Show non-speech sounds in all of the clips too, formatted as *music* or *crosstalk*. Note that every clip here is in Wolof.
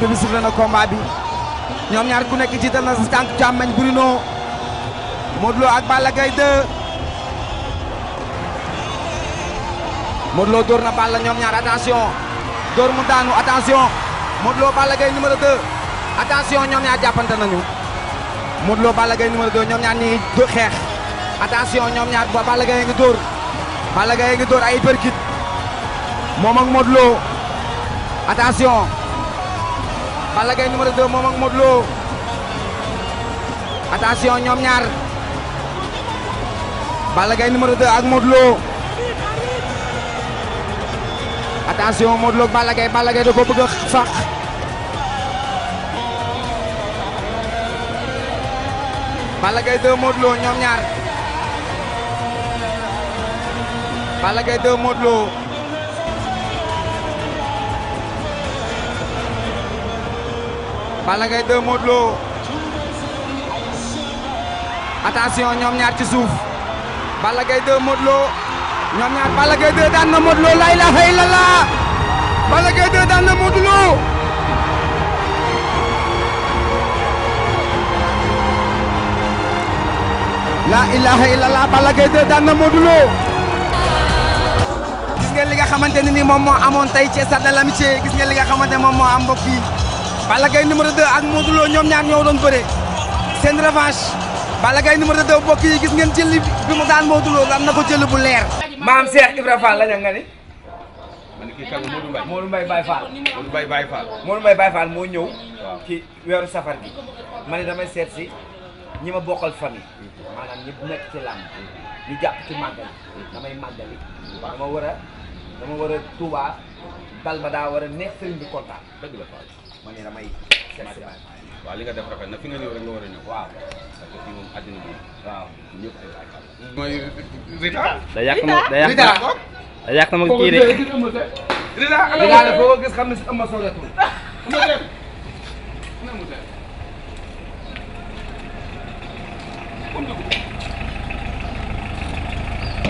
arbitre bi sifflé na combat bi ñoom ñaar ku nekk jiital na sa tànk càmmeñ Bruno Modou Lo ak Balla Gaye 2 Modou dóor na Balla ñoom ñaar attention dóor mu daanu attention Modou Lo Balla Gaye numéro 2 attention ñoom ñaar jàppante nañu Modou Lo Balla Gaye numéro 2 ñoom ñaar ñi xeex attention ñoom ñaar ba Balla Gaye ngi dóor Balla Gaye ngi dóor ay perkit moom ak Modou Balla Gaye numéro 2 moom ak Modou Lo attention ñoom ñaar Balla Gaye numéro 2 ak Modou Lo attention Modou Lo ak Balla Gaye Balla Gaye fax Balla Gaye 2 Modou ñoom ñaar Balla Gaye 2 Modou Balla Gaye 2 Modou ñoom ñaar ci suuf Balla Gaye 2 Modou Lo ñoom ñaar Balla Gaye na Modou Lo la ilaha illallah Balla Gaye 2 daan na Modou Lo la ilaha illallah gis ngeen xamante ne ni moom moo amoon tey ci stade de l'amitié gis ngeen li nga xamante moom moo am mbokk yi Balla Gaye numéro 2 ak Modou Lo ñoom ñaar ñoo doon bëre seen revanche Balla Gaye numéro 2 bokk yi gis ngeen jël bi mu daan bu leer. maam Cheikh Ibra Fall la nga ni. man kii kan Modou Mbaye Modou Mbaye Baye Fall. Modou Mbaye moo ñëw. ci weeru safar bi ma damay seet si ñi ma bokkal famille mhm. maanaam nekk ci ci màggal mhm. damay màggali mhm. dama war a dama war a Tuubaa dal ba daa war a neex sëriñ bi dëgg la ma ne damay seet waaw li nga def rafet na fi nga ñëw rek nga war a ñëw. waaw parce que fii moom àddina bi waaw ñëpp ay laaj mooy Rita. da yàq na da yàq na da yàq na ma kii de. Rita ana foo ko gis xam ne si am na solo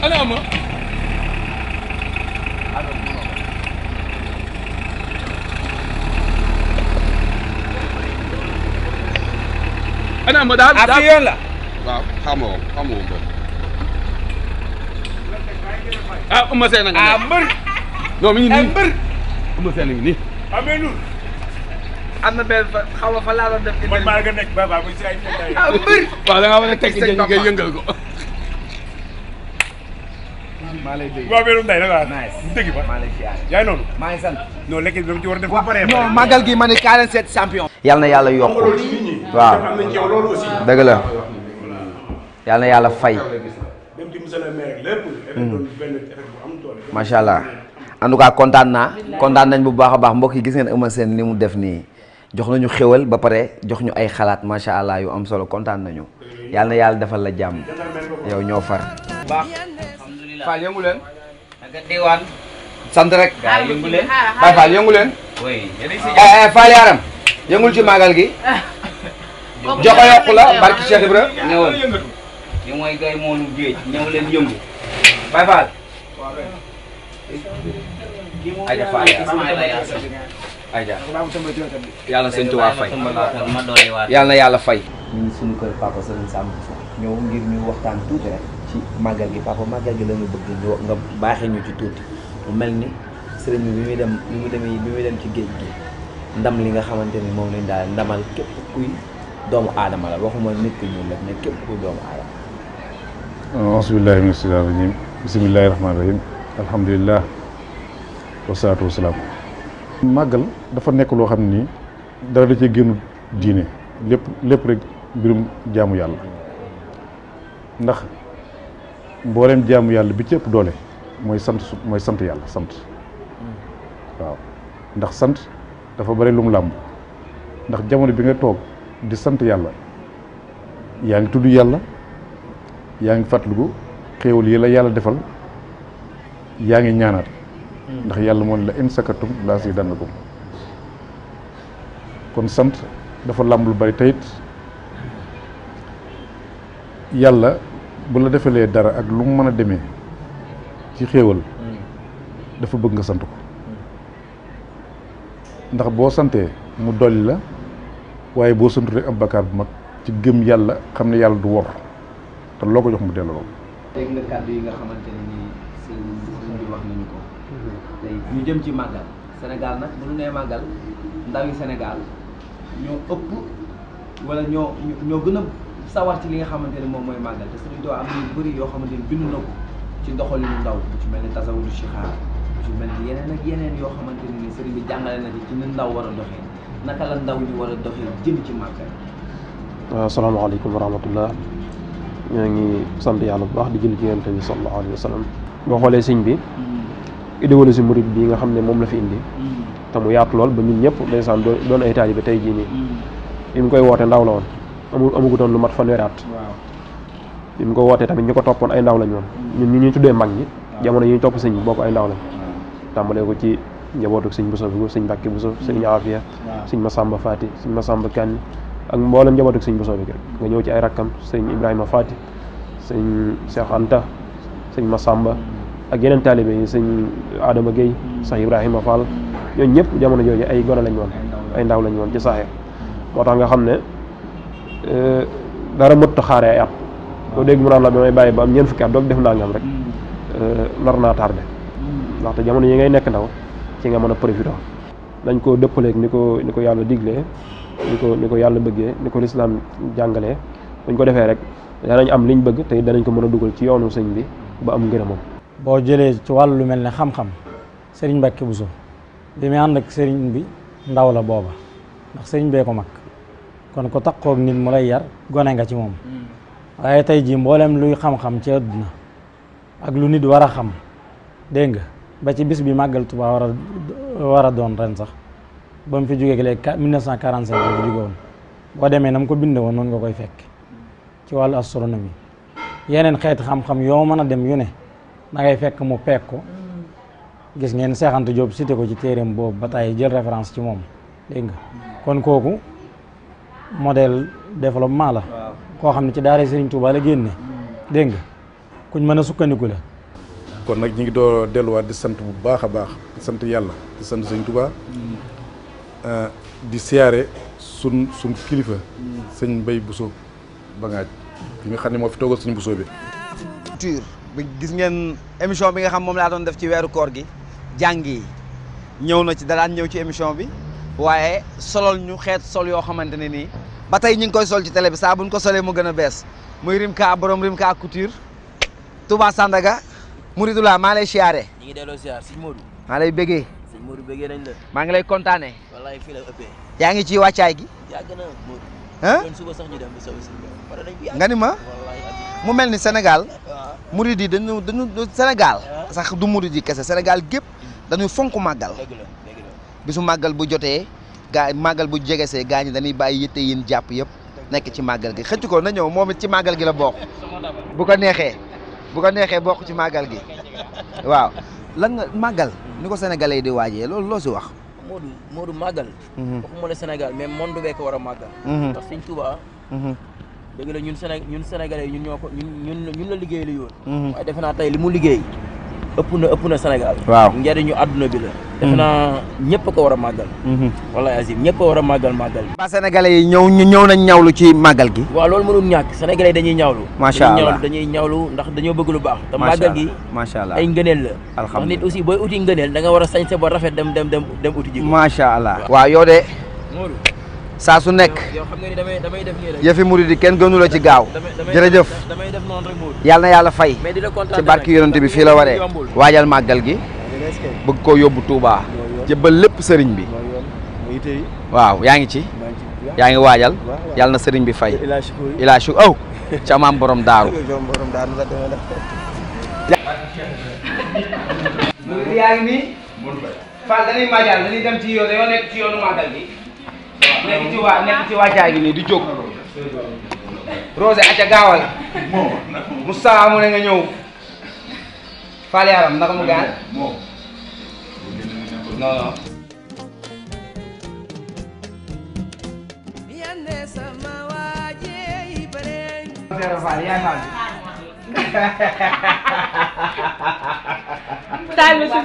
Ana ama xanaa ma daal daal yoon la. waaw xamoo xamoo mbër. ah Eumeu Sène a nga nekk ah mbër. non mi ngi nii ah, mbër. Eumeu Sène a ngi nii. amee nun am na benn fa xaw ma fa laa doon def. man maa nga nekk baba muy si ay mbër. ah mbër. waaw da ngaa war a tekki jën nga yëngal ko. maa lay dégg waaw Béyum Ndeye la dégg ba maa lay siyaare yaay noonu. maa ngi sant non léegi dama ci war a def. ba pare non màggal gi ma ne 47 champion. yal na yàlla yokk waaw dëgg la yal na yàlla fay macha hmm. allah en tout cas kontaan naa kontaan nañ bu baax a baax mbokk yi gis ngeen Eumeu Sène ni mu def nii jox nañu xéwal ba pare jox ñu ay xalaat macha allah yu am solo kontaan nañu yàlla yàlla defal la jàmm yow ñoo far. baax Fall leen. diwaan. Yaram yëngul ci màggal gi. *laughs* joxo yokku la barki Cheikh Ibra ñëwal li mooy gay moonu géej ñëw leen yëngu bay faal aja faal yàlla na sëñ Tuubaa fay yàlla yàlla fay ñu ngi suñu kër papa Sëriñ Sam Bousso ñëw ngir ñu waxtaan tuuti rek ci màggal gi papa màggal gi la ñu bëgg ñu nga baaxee ñu ci tuuti mu mel ni sëriñ bi bi muy dem bi muy dem ci géej gi ndam li nga xamante ni moom lañ daal ndamal képp kuy doomu aadama la waxuma nit ku ñuul la mais képp doomu aadama asbillahi mina shaytaan rajim alhamdulilah wasalaatu wasalaam dafa nekk loo xam ni dara da cee génn diine lépp lépp rek mbirum jaamu yàlla mboolem jaamu yàlla bi ci doole mooy sant su mooy sant yàlla sant hmm. waaw ndax sant dafa bari lu mu làmb ndax jamono bi nga toog di sant yàlla yaa ngi tudd yàlla yaa ngi fàttaliku xéewal yi la yàlla defal yaa ngi ñaanaat hmm. ndax yàlla moo ne la in sakatum laa si dannakum kon sant dafa làmb lu bari tayit yàlla bu la defalee dara ak lu mu mën a demee ci xéewal hmm. dafa bëgg nga sant ko hmm. ndax boo santee mu dolli la waaye boo sant rek am bakkaar bu mag ci gëm yàlla xam ne yàlla du wor te loo ko jox mu delloo. dégg nga kàddu yi nga xamante ne nii sëñ wax nañu ko. tey ñu jëm ci màggal Sénégal nag bu ñu nee màggal ndaw yi Sénégal gën a sawar li nga xamante ne moom mooy màggal te yoo xamante ne bind na ko ci doxalinu ndaw bu ci mel ni tasawudu sixaar bu ci mel ni yeneen ak yeneen yoo xamante ne nii sëriñ bi jàngale na ci ci ndaw war a doxee. naka la ndaw ñi war a doxee jëm ci màggal. waaw asalaamaaleykum wa rahmatullah ñoo ngi sant yàlla bu baax di jël ci yonent bi sallallahu alayhi wa sallam boo xoolee sëñ bi hmm. idéologie murid bi nga xam ne moom la fi indi hmm. te mu yaatu lool ba ñun ñëpp ndeysaan doon ay ba tey jii nii hmm. bi mu koy wootee ndaw la woon amul amagutoon lu mat fanweeri at bi mu ko wootee tamit ñu ko toppoon ay ndaw lañ woon ñun ñu ñuy tuddee mag ñi jamono yi ñu topp sëñ bi boobu ay ndaw lañ tàmbalee ko ci njabootu sëñ Bousso bi sëñ Mbàkke Bousso sëñ mm. Afia sëñ Masamba Fati sëñ Masamba Kanni ak mboolem njabootu sëñ Bousso bi rek nga ñëw ci ay rakkam sëñ Ibrahima Fati sëñ Cheikh Anta sëñ Masamba mm. ak yeneen taalibe yi sëñ Adama Gueye mm. Cheikh Ibrahima Fall ñooñu ñëpp jamono jooju ay gone lañ woon ay ndaw lañ woon ci saaxir moo tax nga xam ne eh, dara mëtt xaare ay at loo dégg mu naan la bi may bàyyi ba am ñeent fukki at doog def nangam rek eh, nar naa tardé ndaxte jamono yi ngay nekk ndaw ci nga mën a profité dañ koo dëppaleeg ni ko ni ko yàlla diglee ni ko ni ko yàlla bëggee ni ko lislaam jàngalee buñ ko defee rek danañ am liñ bëgg te danañ ko mën a dugal ci yoonu sëñ bi ba am ngërëmam boo jëlee ci wàllu lu mel ni xam-xam sëriñ Mbàkke Buso bi muy ànd ak sëriñ bi ndaw la booba ndax sëriñ bee ko mag kon ku takkoog nit mu lay yar gone nga ci moom hmm. waaye tey jii mboolem luy xam-xam ci àdduna ak lu nit war a xam dégg nga ba ci bis bi màggal Tuubaa war a doon ren sax ba mu fi jógee léegi 1945 la fi jóge woon boo demee na ko bindee woon noonu nga koy fekk ci wàllu astronomie yeneen xeeti xam-xam yoo mën a dem yu ne da ngay fekk mu peek ko gis ngeen seexantu Jóob site ko ci téeréem boobu ba tàyyi jël référence ci moom dégg nga kon kooku modèle développement la koo xam ne ci daara Serigne Touba la génne dégg nga kuñ mën a sukkandiku la kon nag ñu ngi doo delluwaat di sant bu baax a baax di sant yàlla di sant sëñ Tuubaa ah, di siyaare sun sun kilifa sëñ Mbay Buso Bangaaj bi nga xam ne moo fi toogal sëñ Buso bi culture bi gis ngeen émission bi nga xam moom laa doon def ci weeru koor gi jàng yi ñëw na ci daan ñëw ci émission bi waaye solol ñu xeet sol yoo xamante ne nii ba tey ñu ngi koy sol ci télé bi saa buñ ko solee mu gën a bees muy Rimka borom Rimka couture Touba Sandaga Mouridula maa lay siyaare. delloo siyaar sëñ Modou. maa lay bëggee. nañ la. maa ngi lay kontaane wallaay fii la yaa ngi ci wàccaay gi. yàgg na nga ni ma mu mel ni senegal waaw Murid yi dañu dañu Sénégal. sax du Murid yi kese senegal gépp mm. dañuy fonk màggal. dëgg la bisu màggal bu jotee gaa màggal bu jegesee gaa ñi dañuy bàyyi yitte yin jàpp yëpp nekk ci màggal gi xëcc ko na ñëw moom ci màggal gi la bokk *laughs* bu ko neexee bu ko neexee bokk ci màggal gi waaw lan nga màggal ni ko sénégalais yi di waajee loolu loo si wax. Moodu Moodu màggal. Mhm. waxuma la Sénégal mais monde bee ko war a màggal. Mhm. ndax Sëñ Tuubaa. Mhm. dëgg la ñun Séné ñun sénégalais ñun ñoo ko ñun ñun la liggéey la yoon. waaye defe naa tey li mu liggéey. ëpp na ëpp na Sénégal. waaw njëriñu àdduna bi la. Hmm. defe naa ñëpp ko war a màggal. Hmm. wala Azim ñëpp a war a màggal màggal bi. waa sénégalais yi ñëw ñëw nañ ñawlu ci màggal gi. waa loolu mënul ñàkk sénégalais dañuy ñawlu. macha allah dañuy ñawlu ndax dañoo bëgg lu baax. te màggal gi macha allah ay ngëneel la. alhamdulilah nit aussi booy uti ngëneel da nga war a sañse ba rafet dem dem dem uti ji. macha allah waa yoo de. saa su nekk yëfi murid yi kenn gënu la ci gaaw jërëjëf yàlla na yàlla fay ci barki yonent bi fii la waree waajal màggal gi bëgg koo yóbbu Touba jëbbal lépp sëriñ bi waaw yaa ngi ci yaa ngi waajal yàlla na sëriñ bi fay ilaa shu aw ca borom daaru *laughs* yaa nekk ci waa gi nii di jóg Rose acca gaawal mu ne nga ñëw Fall yaram ndax mu gaan non non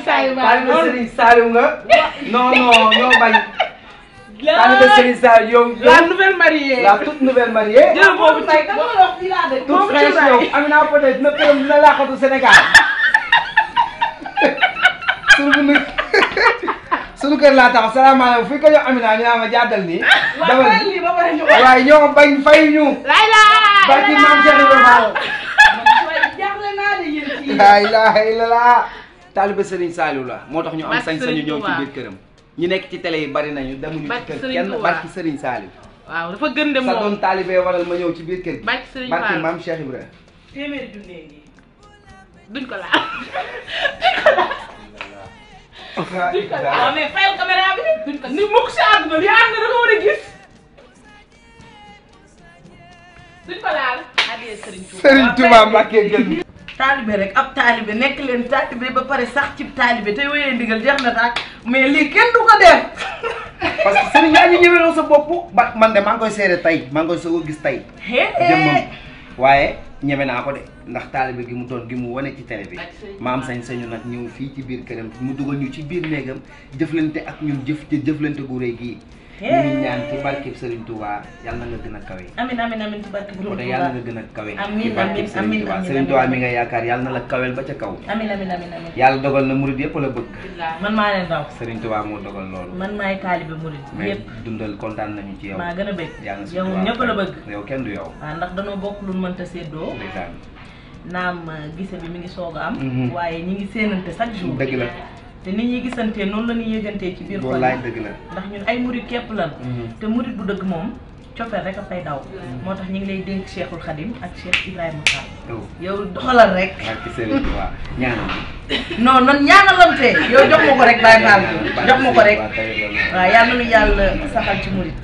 Saalum Saalum Saalum taalibe Serigne Sall yow. la nouvelle mariée la toute nouvelle mariée. jërëjëf boobu ci boobu toute fraîche yow Amina Poté dina këram dina laaxatu Sénégal. sunu bu nu sunu kër laa tax salaamaaleykum fu ñu ko jox Amina ñu naan ma jàddal nii. dama waaye ñoo bañ fay ñu. barki maam Cheikh Ibrahima. laa ilaaha illa laa. taalibe Serigne Saliou la moo tax ñu am sañ-sañu ñëw ci biir këram. ñu nekk ci télé yi bari nañu demuñu ci kër kenn barki Serigne Saliou waaw dafa gën de moom sa doon waral ma ñëw ci biir kër gi barki Serigne barki maam Cheikh Ibrahima téeméeri dundee gi duñ ko laal duñ ko laal ah, mais fayal a gis duñ ko laal gën taalibe rek ab taalibe nekk leen taalibe ba pare sax ci taalibe te wéyee ndigal jeex na daal mais lii kenn du ko def. *laughs* parce que sëriñ yaa ngi ñëweloo sa bopp ba man de maa ngi tey maa ngi a gis tey. waaye ñeme naa ko de ndax taalibe gi mu doon gi mu wane ci télé bi ma am sañ-sañu nag ñëw fii ci biir këram mu dugal ñu ci biir néegam jëflante ak ñun jëf jëflante gu rëy gii. ñu ngi ñaan ci barkeb Serigne Touba yal na nga gën a kawe. amiin amiin amiin ci barkeb Serigne Touba yal na nga gën a kawe. amiin amiin amiin amiin Serigne Touba mi nga yaakaar yal na la kawel ba ca kaw. amiin amiin amiin yàlla dogal na murid yëpp la bëgg. man maa leen raw. Serigne Touba moo dogal loolu. man maay taalibe murid yëpp dundal kontaan nañu ci yow. maa gën a bëgg yow ñëpp la bëgg. yow kenn du yow. waaw ndax danoo bokk lu mënta séddoo. naam gise bi mi ngi soog a am. Mhm. waaye ñi ngi séenante chaque jour. dëgg la te ni ñi gisantee noonu la ñuy yëgantee ci biir xol yi dëgg la ndax ñun ay murit képp lan mm-hmm. te murit bu dëgg moom cofeel rek a fay daw mm-hmm. moo tax ñu ngi lay dénk Cheikhul Khadim ak Cheikh Ibrahima Fall oh. yow doxalal rek ñaanal *laughs* non non ñaanalante yow jox ma ko rek Baye Fall jox ma ko rek waaw yal na nu yàlla saxal ci murit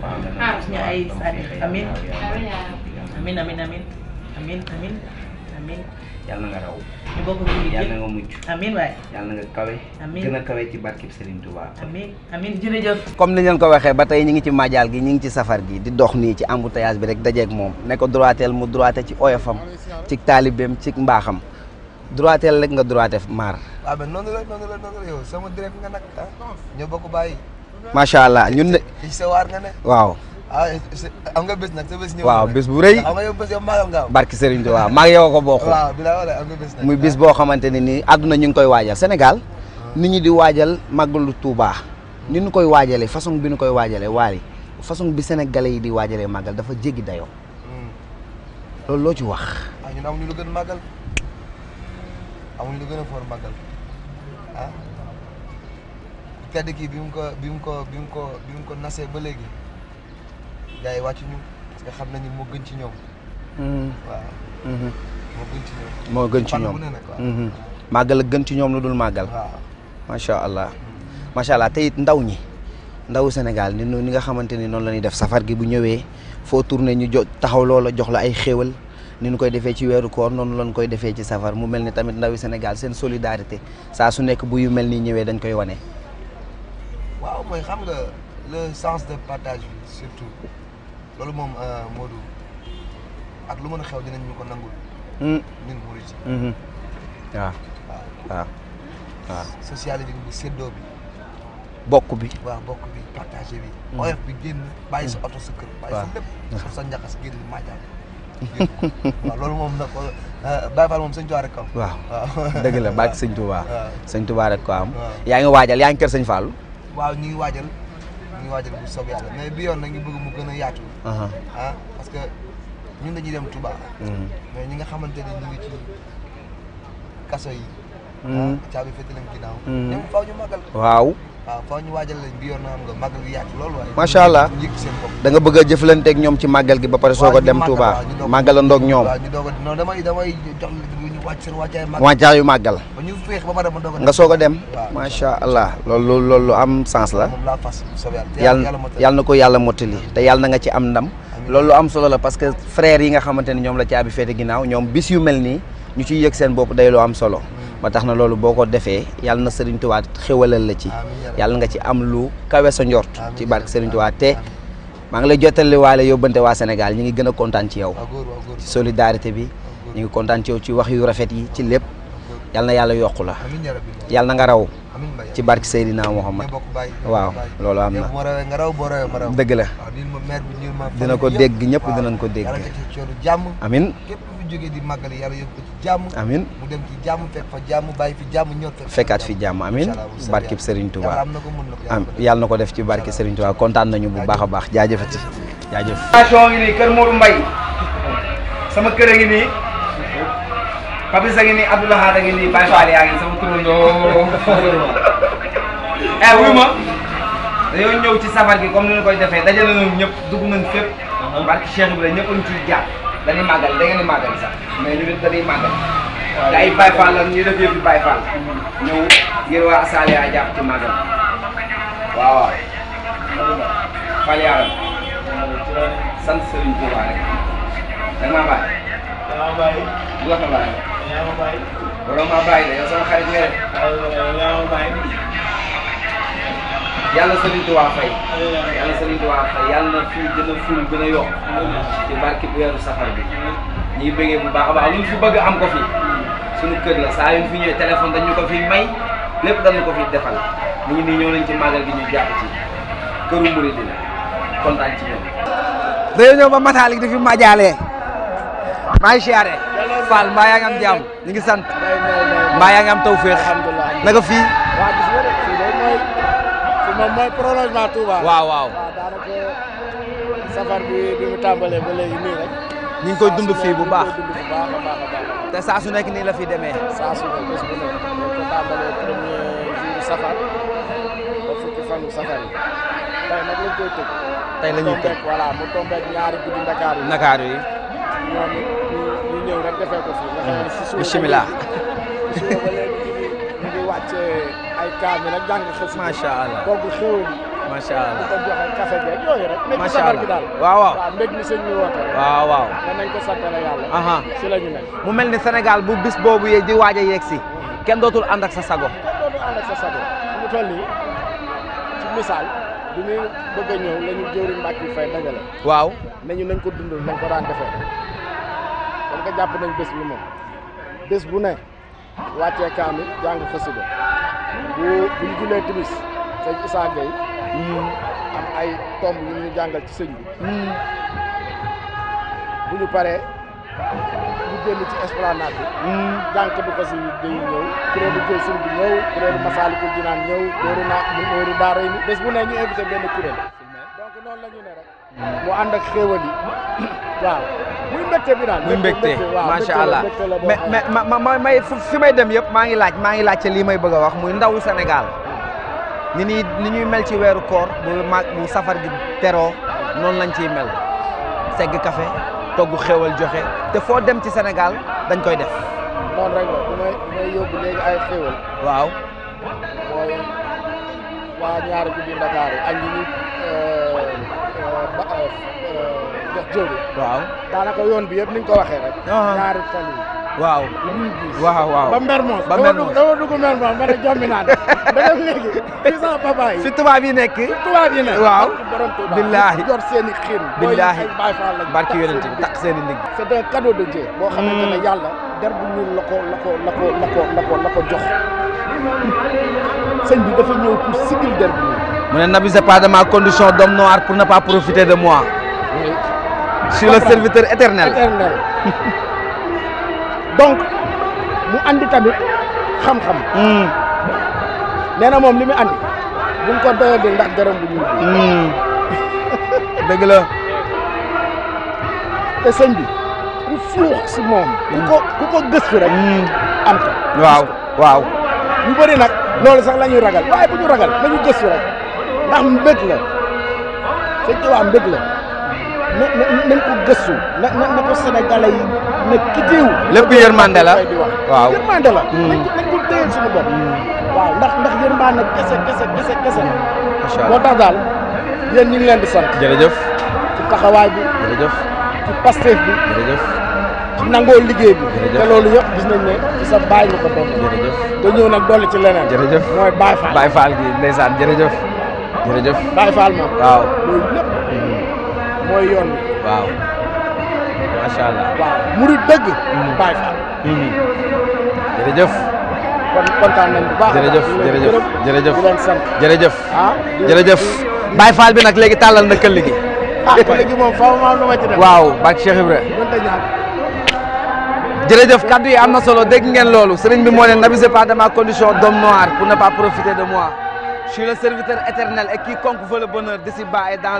ah. suñu ay sadi amin amin amin amin amin amin amin yàlla na nga raw. ñu a comme ni leen ko waxee ba tey ñu ngi ci majaal gi ñu ngi ci safar gi di dox nii ci embouteillage bi rek dajeeg moom ne ko mu droité ci oyofam ci taalibeem ci mbaaxam droiteel rek nga droité maar. waaw ah la nga nag ah ñoo bokk bàyyi. macha allah waaw. Ah, am nga bés nag sa bés ñëw waaw bés bu rëy am nga yow maa barki Serigne Touba maa ngi yow ko bokk waaw bi la boo xamante ne nii àdduna ñu ngi koy waajal senegal ni ñu di waajal màggalu lu ni ñu koy waajalee façon bi ñu koy waajalee waali façon bi sénégalais yi di waajalee màggal dafa jéggi dayoo hmm. loolu loo ci wax ah, gën màggal amuñu lu gën a foor màggal ah tedd ko bi ko bi mu ko bi ko nasee ba léegi gars yi wàccuñu parce que xam nañu moo gën ci ñoom. Hmm. Hmm. moo gën ci ñoom. moo gën hmm. màggal gën ci ñoom lu dul màggal. waaw macha allah. te it ndaw ñi. ndaw Sénégal ni ni nga xamante ni noonu la ñuy def safar gi bu ñëwee foo tourné ñu jo taxaw loola jox la ay xéewal ni ñu koy defee ci weeru koor noonu lañ koy defee ci safar mu mel ni tamit ndawi Sénégal seen solidarité saa su nekk bu yu mel nii ñëwee dañ koy wane. loolu moom euh, Modou ak lu mën a xew dinañ ñu ko nangul. Hmm. ñun hmm. ah. Ah. Ah. bi séddoo bokk bi waaw bokk bi partagé bi. Hmm. oyof bi génn bàyyi sa oto sa kër. bàyyi loolu moom nag euh, Baye moom sëñ Touba waaw dëgg la bàyyi sëñ Touba. *laughs* yaa ngi waajal yaa ngi kër sëñ Fall. waajal. ñu ngi waajal bu soob yàlla mais ah, parce que ñun dañuy dem Touba. Mhm. mais ñi nga xamante ne ñu ngi ci kaso yi. Mhm. Ah, caabi féete leen ginnaaw. Mhm. ñoom faaw ñu màggal. waaw. waaw ah, yoon na xam nga màggal gi yaatu lool waaye. macha allah da nga bëgg ñoom ci màggal gi ba pare soo a dem Touba. màggalandoog ñoom. wàccaayu màggal nga soog a dem macha allah loolu loolu lu am sens la yàlla yàlla na ko yàlla mottali te yàlla na nga ci am ndam loolu am solo la parce que frères yi nga xamante ne ñoom la caabi féete ginnaaw ñoom bis yu mel nii ñu ciy yëg seen bopp day lu am solo ba tax na loolu boo ko defee yàlla na Serigne Touba xéwalal la ci yàlla nga ci am lu kawe sa njort ci barke Serigne Touba te maa ngi lay jottali waale yóbbante waa Sénégal ñi ngi gën a kontaan ci yow ci solidarité bi ñu ngi kontaan ci yow ci wax yu rafet yi ci lépp yal na yàlla yokku la yal na nga raw ci barke Seydina Muhammad waaw loolu am na dëgg la dina ko dégg ñëpp dinañ ko dégg amin amin fekkaat fi jàmm amin barkib Serigne Touba am yal na ko def ci barke Serigne Touba kontaan nañu bu baax a baax jaajëfati jaajëf. ngi a Papis a ngi nii Abdou Lahad a ngi nii Baye Fall yaa ngi sama turandoo *laughs* eh, eh wuy ma dañoo ñëw ci safar gi comme ni ñu koy defee dajale nañu ñëpp dugg nañ fépp uh-huh. barki Cheikh Ibrahima ñëpp a ngi ciy jàpp dañuy màggal da ngeen di màggal sax mais ñu nit dañuy màggal te ay Baye Fall la ñuy def yëpp di Baye Fall uh-huh. ñëw ngir waa Saliya a jàpp ci màggal waaw waaw Fall yaaram uh-huh. sant Serigne Touba rek da nga maa bàyyi da nga maa bàyyi bu la fa bàyyi yaa ma bàyyi. looloo maa bàyyi de yow sama xarit yàlla Sëriñ Tuubaa fay. fay yàlla na fii gën a ful gën a yokk. ci barki safar bi. ñu bëggee bu baax a baax lu ñu fi bëgg am ko fi. suñu kër la saa yu fi ñëwee téléphone dañu ko fi may lépp dañu ko fi defal nit ñi nii ñëw nañ ci màggal gi ñu jàpp ci këru murid la kontaan ci ñoom. dañoo ñëw ba Matalik di fi majaalee maa ngi Fall mbaa yaa ngi am jàmm ñu ngi sant mbaa yaa ngi am tawféex naka fii waaw gis nga fii day mooy fii moom mooy prolongement Touba waaw waaw daanaka safar bi bi mu tàmbalee ba léegi nii rek ñu ngi koy dund fii bu baax te saa su nekk nii la fi demee saa su nekk bés bu nekk ñu ko tàmbalee premier jour safar ba fukki fan safar yi tey nag lañ koy tëj tey la ñuy tëj voilà mu tombeek ñaari guddi Ndakaaru yi Ndakaaru yi ñëw rek defee ko fi. nga xam ne si suba ko waaw waaw. si la mu mel ni Sénégal bu bis boobu yee di waaj a si. kenn dootul ànd ak sa sago. kenn dootul mu toll ci misaal. bi muy bëgg ñëw la ñu jëwriñ Mbacke Faye waaw nañu nañ ko dundal nañ ko daan defee. parce que nañ bés bi bu ne wàccee kaamil jàng xasida bu bu ñu julee timis sëñ Issa hmm. am ay tomb yu ñu jàngal ci sëñ bi hmm. bu ñu paree ñu génn ci esplanade bi hmm. jànk du ko si day ñëw kuréelu jël bi ñëw kuréelu Masaalikul Jinaan ñëw dóoru naa dóoru daara yi bés bu ne ñu invité benn kuréel donc noonu la ñu ne rek mu ànd ak xéewal yi *coughs* muy mbégte bi daal muy mbégte macha allah mais mais may fi may dem yëpp maa ngi laaj maa ngi laajte lii may bëgg a wax muy ndawu Sénégal ni ñuy mel ci weeru koor bu ma bu safar gi teroo noonu lañ ciy mel segg café togg xéwal joxe te foo dem ci Sénégal dañ koy def. noonu rek jox jëwri waaw daanaka yoon bi yëpp ni ko waxee rek ah. ñaari tali waaw waaw waaw ba Mermoz ba Mermoz dama dugg Mermoz ma ne jommi naa *laughs* ba dem léegi ci sama papa yi si tubaab yi nekk fi tubaab yi nekk waaw billaahi i xiin billaahi Baay Faal la barki yonent bi takk seen i ndigg c'est un cadeau de Dieu boo xamante ne mm. yàlla der bu ñuul la ko la ko la ko jox sëñ bi dafa ñëw pour sigil der mu ne n'abusez bi de ma condition d'homme noir pour ne pas profiter de moi je suis le serviteur éternel éternel *laughs* mu andi tamit xam-xam. Hmm. nee na moom li mu andi buñ ko doyee ndax gërëm bu ñuul bi. Hmm. *laughs* dëgg la. te sëñ bi ku fuux si moom. ku ko ku ko gëstu rek. Hmm. am waaw waaw. ñu bëri nag loolu sax la ñuy ragal waaye bu ñu ragal la gës gëstu rek ndax mbëgg la sëñ bi waa mbëgg la. na na ko gëstu na na ko sénégalais yi na kitiw. lépp yërmande la waaw yërmande la. Hmm. nañ ko nañ ko téyeel suñu bopp. Hmm. waaw ndax ndax yërmande kese kese kese kese moo tax daal yéen ñu ngi leen di sant. jërëjëf. ci taxawaay bi. jërëjëf. ci Pastef bi. jërëjëf. ci nangoo liggéey bi. jërëjëf loolu yëpp gis nañ ne ci sa baay nga ko doon. jërëjëf te ñëw nag dolli ci leneen. jërëjëf mooy Baye Fall Baye Fall gi ndeysaan jërëjëf. jërëjëf Baye Fall mooy yoon bi. waaw macha allah. waaw murid dëgg. Mm-hmm. Baay Faal. Mm-hmm. jërëjëf. kon kontaan nañ bu baax. jërëjëf jërëjëf jërëjëf di leen sant jërëjëf. ah jërëjëf. Baay Faal bi nag léegi tàllal na këll gi. ah léegi moom faaw ma am lu ma ci def. waaw bak Cheikh Ibra. jërëjëf kaddu am na solo dégg ngeen loolu sëriñ bi moo ne n'abusez pas de ma condition d'homme noir pour ne pas profiter de moi. Je suis le serviteur éternel et quiconque veut le bonheur d'ici-bas et dans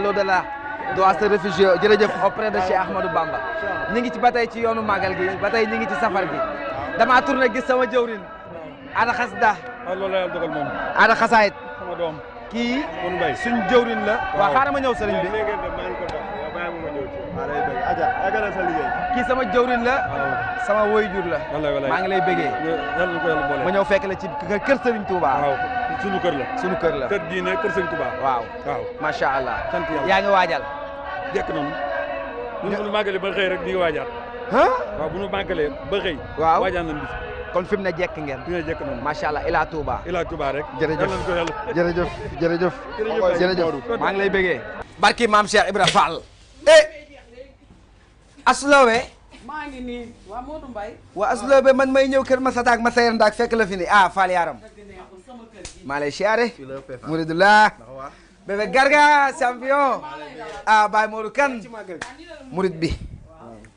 doit se réfugier jërëjëf auprès de Cheikh Ahmadou Bamba ñu ngi ci ba tey ci yoonu màggal gi ba tey ñu ngi ci safar gi damaa tourné gis sama jëwrin Ada Xasida ah, loolu la yàlla dogal moom Ada Xasaayit sama kii suñ jëwrin la waaw xaaral ma ñëw sëriñ bi kii sama jëwrin la sama woy jur la maa ngi lay bëggee ma ñëw fekk la ci kër sëriñ Touba sunu kër la sunu kër la kër diine kër sëñ Tuubaa waaw allah yaa ngi waajal jekk nañu ñun ba xëy rek di waajaat waaw bu ñu màggalee ba xëy waaw waajal nañu bis kon fi ne jekk ngeen fi mu ne jekk nañu macha allah ila Touba ila Touba rek jërëjëf jërëjëf jërëjëf jërëjëf maa ngi lay bëggee barki maam Cheikh Ibra Fall eh asloowe maa ngi nii waa Modou Mbaye waa asloowe man may ñëw kër ma sataak ma sayar ndaak fekk la fi ni ah maa lay siyaare muridullah bébé garga champion ah murid bi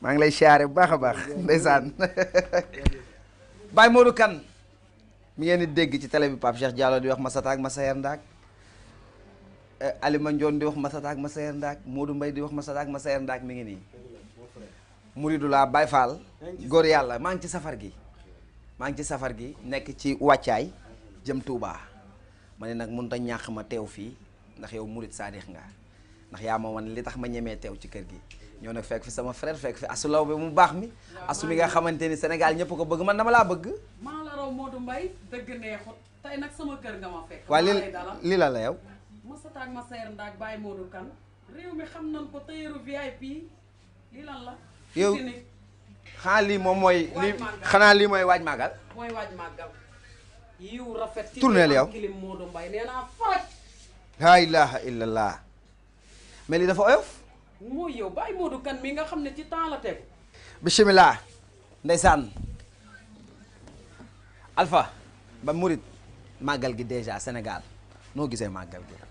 maa ngi lay siyaare bu baax a baax ndeysaan *laughs* Baye Modou Kane mi ngeen dégg ci tele bi Pape Cheikh Diallo di wax Masata ak Masayer Ndaak eh, Alima Ndion di wax Masata masa Masayer Ndaak Modou Mbaye di wax Masata masa Masayer Ndaak mi ngi nii muridullah Baye Fall yàlla maa ngi ci safar gi maa ngi ci safar gi nekk ci wàccaay jëm Touba ma ne nag mun a ñàkk ma teew fii ndax yow murit saadix nga ndax yaa ma wan li tax ma ñemee teew ci kër gi ñoo nag fekk fi sama frère fekk fi asu law bi mu baax mi asu mi nga xamante ni Sénégal ñëpp ko bëgg man dama laa bëgg maa la raw Modou Mbaye dëgg neexut tey nag sama kër nga ma fekk waaye li la la yow masata ak ma seer ndaag Baye Modou xam nañ ko tëyeeru VIP li lan la yow xanaa lii moom mooy xanaa lii mooy waaj màggal mooy waaj màggal yiw rafet ci tourneel yow kilim Modou Mbaye nee naa faraj laa ilaha illallah dafa yow bàyyi Modou kan mi nga xam ne ci temps la tegu bismillah ndeysaan alfa ba murit màggal gi déjà Sénégal noo gisee màggal gi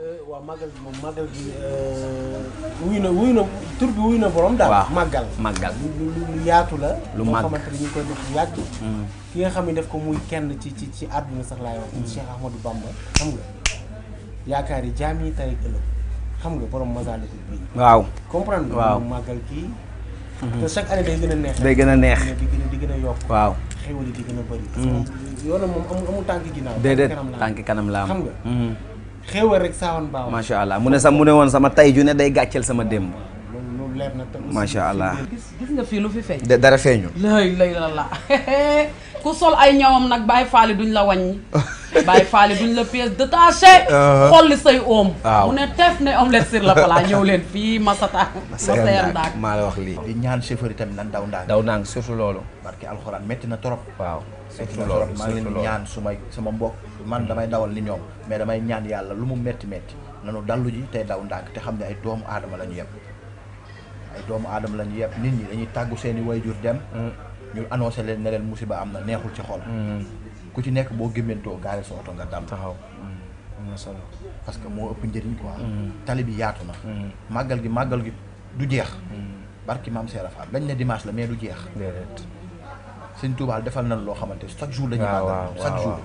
Euh, waaw màggal bi moom màggal gi euh, wuy na wuy na tur bi wuy na boroom daal. waaw màggal màggal. lu yaatu la. lu màgg loo xamante ni ñu koy mm. ki nga xam ne def ko muy kenn ci ci ci àdduna sax laay wax. Mm. Cheikh Ahmadou Bamba xam nga yaakaar yi jaam yi tey xam nga borom Masaalikul bi. waaw comprendre nga màggal kii. Mm-hmm. te chaque année day gën a neex. day gën a neex di gën a yokk. waaw xéwal yi di gën a bëri. Mm. yoonam moom amul amul tànk ginnaaw. déedéet tànk kanam laa am xam xéewal rek saawan baaw macha allah mu ne sax mu ne woon sama tay ju ne day gàcceel sama démb. loolu leer na macha allah. gis nga fii lu fi feeñ. dara feeñu. lay lay la *laughs* ku sol ay ñawam nag bàyyi faali duñ la wañ bàyyi faali duñ la pièce détaché. Uh-huh. xolli say oom. mu ne teef ne omelette sur la plat ñëw leen fii Masata. *laughs* Masaya Ndaak maa la wax lii. di ñaan chauffeur yi tamit nan daw ndànk. daw ndànk surtout loolu. parce que alxuraan métti na trop. waaw. surtout loolu maa ngi leen ñaan su may sama mbokk man damay dawal li ñoom mais damay ñaan yàlla lu mu métti métti nanu dallu ji tey daw ndànk te xam ne ay doomu aadama la ñu yeb ay doomu aadama la ñu nit ñi dañuy tàggu seeni way jur dem mm. ñu annoncé leen ne leen musiba am na neexul ci xol mm. ku ci nekk boo gémmentoo gaari sa oto nga dal taxaw mm. am solo parce que moo ëpp njëriñ quoi tali bi yaatu na màggal gi màggal gi du jeex barki maam Seera lañ dañ ne dimanche la mais du jeex sëñ Touba defal na loo xamante chaque jour. dañuy màggal chaque jour.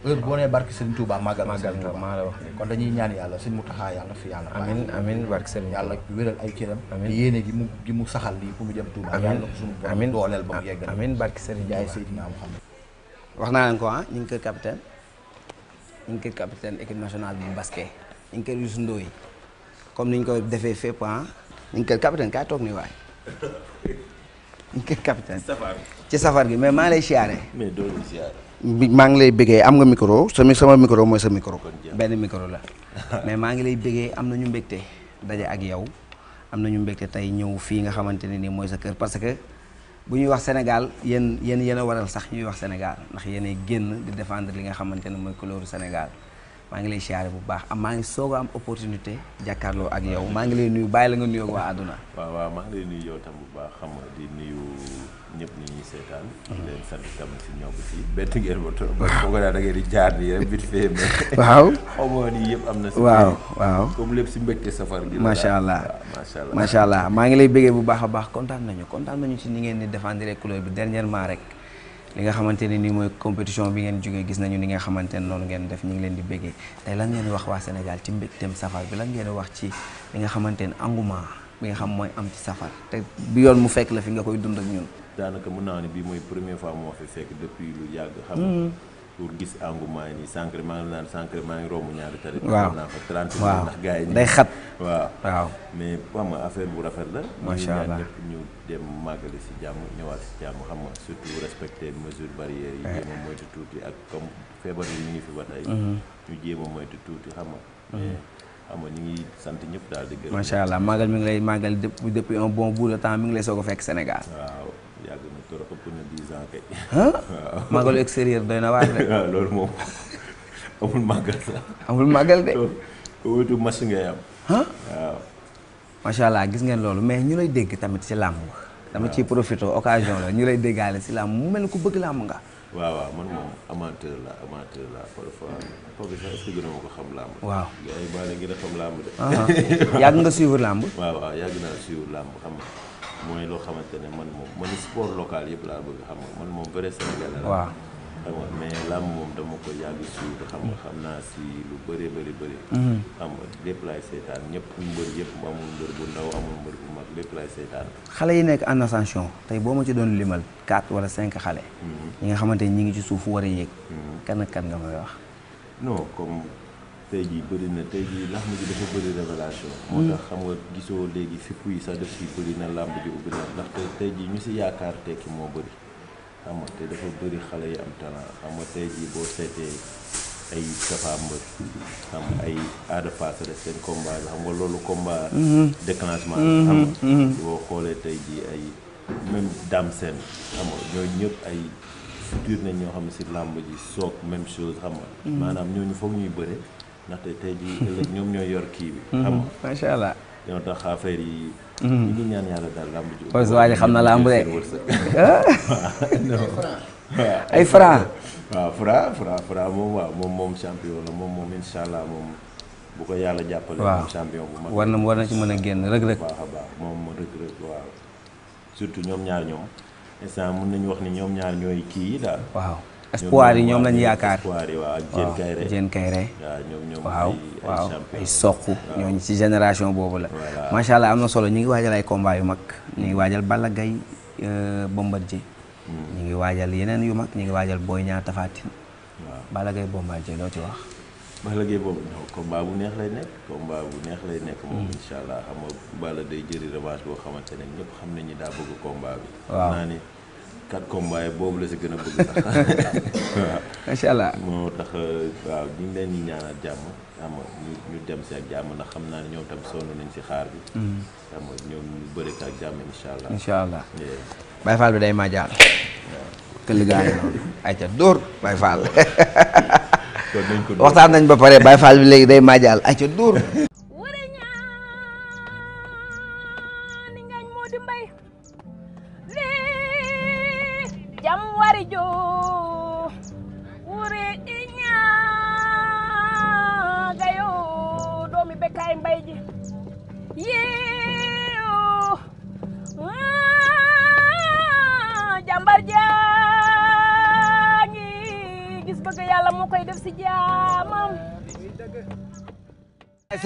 heure boo nee barke Serigne Touba màggal màggal maa wax kon dañuy ñaan yàlla sëñ Mountakha yàlla fi yàlla amiin amiin barke Serigne yàlla mu gi mu saxal lii fu mu jëm Touba yàlla suñu amiin dooleel ba mu yegg wax naa leen ko ah, ñu ngi kër capitaine ñu ngi kër capitaine équipe nationale bu basket ñu ngi kër Youssou Ndoye comme niñ ko defee fépp ah ñu ngi kër capitaine kaay toog ni waay capitaine ci safar gi mais maa ngi lay siyaare. mais doo maa ngi lay bëggee am nga micro sama micro mooy sa micro. benn micro la *laughs* mais maa ngi lay bëggee am ñu mbégte daje ak yow am na ñu mbégte tey ñëw fii nga xamante ne nii mooy sa kër parce que bu ñuy wax Sénégal yen yéen yéen a waral sax ñuy wax Sénégal ndax yéen génn di défendre li nga xamante ne mooy couleur Sénégal. maa ngi lay siyaare bu baax am maa ngi soo a am opportunité jàkkarloo ak yow maa ngi lay nuyu bàyyi la nga nuyoog waa àdduna waaw waaw maa nuyu bu baax xam nga di nuyu ñëpp ni ba trop ba da ngeen di jaar nii rek vite fait mais waaw *laughs* xamoon yi yëpp na si waaw waaw comme lépp si mbégte safar gi macha allah macha allah macha allah maa ngi lay bëggee bu baax a baax kontaan nañu kontaan nañu si ñi ngeen di défendre couleur bi dernièrement rek li nga xamante ne nii mooy compétition bi ngeen jógee gis nañu ni nga xamante ne noonu ngeen def ñu ngi leen di béggee tey lan ngeen wax waa Sénégal ci mbégteem safar bi lan ngeen wax ci li nga xamante ne engouement bi nga xam mooy am ci safar te bi yoon mu fekk la fi nga koy dund ak ñun. daanaka mun naa ne bi mooy première fois moo fi fekk depuis lu yàgg. xam pour gis engouement yi nii sànq maa ngi naan sànq maa ngi romb ñaari tali. waaw naa fa 30 waaw ndax gars yi. day xat *laughs* waaw waaw. mais xam nga affaire bu rafet la. macha allah ñu dem màggali si jàmm ñëwaat si jàmm nga surtout respecter mesures barrières eh. tuuti ak comme feebar yi ñu ngi fi ba tey. Mm-hmm. ñu a moytu mm-hmm. ngi sant ñëpp daal di gërëm. macha mi ngi lay màggal depuis depuis un bon bout de mi ngi lay soog a fekk Sénégal. yàgg na trop ëpp na 10 na waar rek. *laughs* waaw loolu moom amul màggal sax. amul màggal gis ngeen loolu mais ñu lay dégg tamit ci làmb. dama profité occasion ñu lay déggaale waaw waaw la amateur la parfois profession est-ce a a xam yàgg nga suivre làmb. *laughs* waaw waaw yàgg naa suivre làmb xam nga. mooy loo xamante ne man moom man sport local yëpp laa bëgg xam nga man moom vrai sénégalais la. waaw xam nga mais moom dama ko yàgg suivre xam nga xam naa si lu bëri bëri bëri. Mhm. xam nga lépp laay seetaan ñëpp mbër yëpp amul mbër xale yi nekk en ascension tey boo ma ci doon limal quatre wala cinq xale. ñi mhm. nga xamante ni ñu ngi ci suuf war a yéeg. Mhm. kan ak kan nga may wax. tey jii bëri na tey jii làmb ji dafa bëri révélation mm. moo tax xam nga gisoo léegi fipp yi sax def si bëri na làmb ji ubbi na ndaxte tey jii ñu si yaakaar tekki moo bëri xam nga te dafa bëri xale yi am talent xam nga tey ji boo seetee ay Tapha Mbeur xam nga ay Ada Fass def seen combat bi xam nga loolu combat mm-hmm. Mm-hmm. déclenchement xam nga mm-hmm. boo xoolee tey jii ay même Dame Sène xam nga ñëpp ay futur nañ ñoo xam ne si làmb ji soog même chose xam nga maanaam ñooñu foog ñuy bëre ndaxte tey jii ëllëg ñoom ñooy yor kii bi. Mhm. xam macha allah. ñoo tax affaire yi. Mhm. ñu ñaan yàlla daal lamb ji. xool waa ji xam na lamb rek. *laughs* Ah. *laughs* *laughs* ay franc. waaw franc franc franc moom waaw moom moom champion la moom moom incha allah moom bu ko yàlla jàppale. moom champion bu mag war na war na ci mën a génn rëg-rëg. moom rëg-rëg waaw surtout ñoom ñaar ñoom instant mun nañu wax ni ñoom ñaar ñooy kii yi daal. waaw. espoir yi ñoom lañu yaakaar waaw Diène Kayré waaw ay soq ñooñu ci génération boobu la macha allah am na solo ñu ngi waajal ay combat yu mag ñu ngi waajal Balla Gaye euh, Bombardier hmm. ñu ngi waajal yeneen yu mag ñu ngi waajal booy Niang Tapha Tine waaw Balla Gaye Bombardier loo ci wax Balla bu neex lay nekk combat bu neex lay nekk moom hmm. insha allah xam Balla day jëri revanche boo xamante ne ñëpp xam nañu daa bëgg combat bi quatre combats boobu la si gën a bëgg sax. *laughs* macha allah xam nga ñu ñu dem si ak jàmm naa ne ñoom tam sonn nañ si xaar bi. Mm-hmm. xam nga allah. incha allah Baye Fall bi day maa këll gaa ngi noonu ayca dóor Baye Fall. *laughs* waxtaan nañ ba pare Baye Fall bi léegi day maa jaar ayca dóor.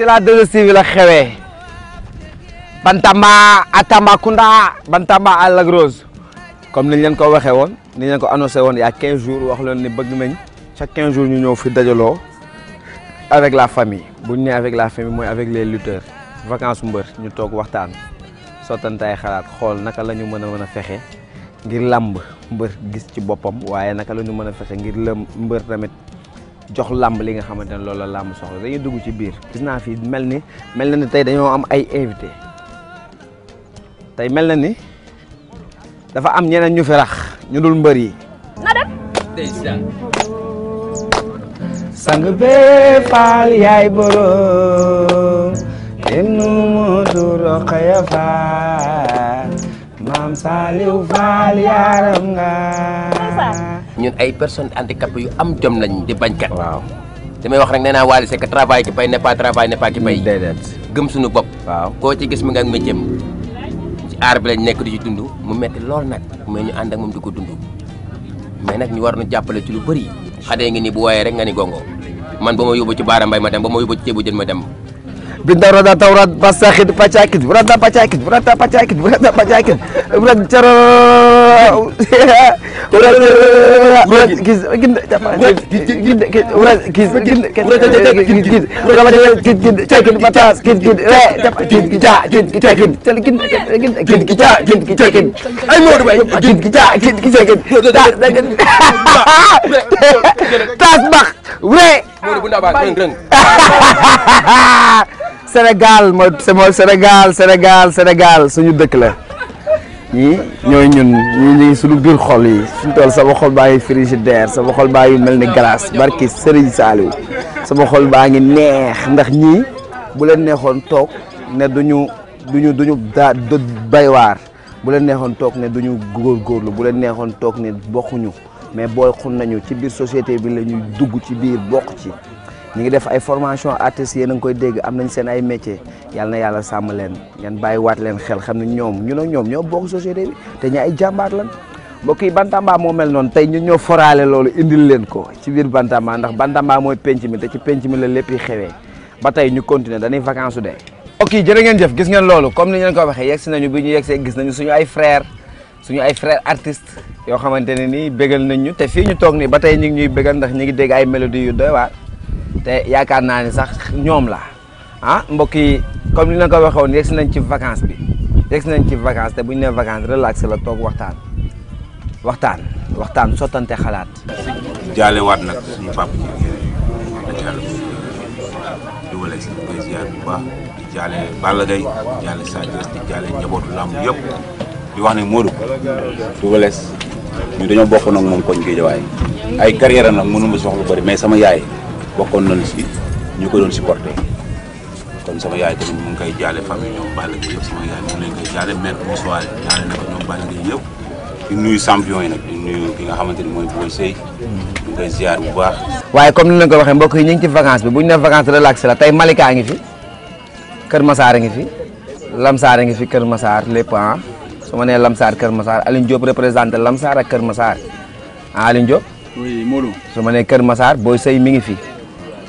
ci la 2STV la xewee Bantamba a Tambacounda Bantamba à Lac Rose comme niñ leen ko waxee woon niñ leen ko annoncé woon y'a 15 jours wax leen ni bëgg nañ chaque 15 jours ñu ñëw fi dajaloo avec la famille bu ñu nee avec la famille mooy avec les lutteurs vacances mbër ñu toog waxtaan sottantaay xalaat xool naka lañu ñu mën a mën a fexe ngir làmb mbër gis ci boppam waaye naka lañu ñu mën a fexe ngir lëm mbër tamit. jox làmb li nga xamante ne loolu la làmb soxla dañuy dugg ci biir gis naa fi mel ni mel na ni tey dañoo am ay invité tey mel na ni dafa am ñeneen ñu fi ñu dul mbër yi. sang bee faal yaay borom innu moodu roqaya faal maam saaliw faal yaaram nga ñun ay personnes handicapées yu am jom lañ di bañkat waaw damay wax rek nee naa Wally Seck travail qui paye n'est pas travail n'est pas qui gëm suñu bopp koo ci gis mi nga ak métier ci aar bi lañ nekk di ci dund mu metti lool nag mais ñu ànd ak moom di ko dund mais nag ñu war nu jàppale ci lu bëri xadee ngi ni bu wooyee rek nga ni gongo man ba ma yóbbu ci baara mbay ma dem ba ma yóbbu ci ceebu jën ma dem Bindarada Tawrat Basakid Pachakid Brada Pachakid Brada Pachakid Brada Pachakid Brada Charo Brada Giz Gind Brada Giz Gind Giz Giz Giz Gind Chakid Batas Gind Gind Re Gind Gija Gind Chakid Chal Gind Gind Gind Gija Gind Chakid Ay mo do Gind Gija Gind Chakid Tas Bak Re Mo do bunda ba reng reng Sénégal mooy mooy Sénégal Sénégal Sénégal suñu dëkk la ñii ñooy ñun ñu suñu biir xol yi suñu tool sama xol baa ngi frigidaire sama xol baa ngi mel ni glace barki Serigne Saliou sama xol baa ngi neex ndax ñii bu leen neexoon toog ne duñu duñu duñu daa baywaar bu leen neexoon toog ne duñu góorgóorlu bu leen neexoon toog ne bokkuñu mais booy xun nañu ci biir société bi la ñuy dugg ci biir bokk ci ñu ngi def ay formation artistes yéen a koy dégg am nañ seen ay métier yàlla na yàlla sàmm leen ngeen bàyyiwaat leen xel xam ne ñoom ñu ak ñoom ñoo bokk société bi te ñu ay jàmbaat lan mbokk yi Bantamba moo mel noon tey ñu ñoo foraale loolu indil leen ko ci biir Bantamba ndax Bantamba mooy penc mi te ci penc mi la lépp xewee ba tey ñu continuer dañuy vacances de dee. ok jërë ngeen jëf gis ngeen loolu comme ni ñu leen ko waxee yegsi nañu bi ñu yegsee gis nañu suñu ay frères suñu ay frères artistes yoo xamante ne nii bégal nañ ñu te fii ñu toog nii ba tey ñu ngi ñuy bégal ndax ñu ngi dégg ay mélodie yu doy waar te yaakaar naa ni sax ñoom la ah mbokk yi comme li na ko waxoon yegg si nañ ci vacance bi yegg nañ ci vacance te bu ñu nee vacance relaxé la toog waxtaan waxtaan waxtaan sottante xalaat. jaalewaat nag suñu papa ji di Sa Thiès di jaale njabootu wax ne Modou du wala dañoo bokk nag moom koñ géejawaay ay carrière nag mënu ma soxla lu bëri mais sama yaay. bokkoon nañ si ñu ko doon supporté kon sama yaay tamit mu ngi koy jaale famille ñoom Balla Gaye yëpp sama yaay mu ngi leen koy jaale maître Moussa jaale na ko ñoom Balla yi nag ki nga xamante ni mooy Boy Seye ñu koy bu baax waaye comme ni leen ko waxee mbokk yi ñu ngi ci vacance bi bu ñu ne vacance relax la tey malikaa ngi fi Kër Massar ngi fi Lamsaar ngi fi Kër Massar lépp ah su ma nee Lamsaar Kër Massar Alioune Diop représenté Lamsaar Kër Massar ah Alioune Diop su ma nee Kër Massar Boy Seye mi ngi fi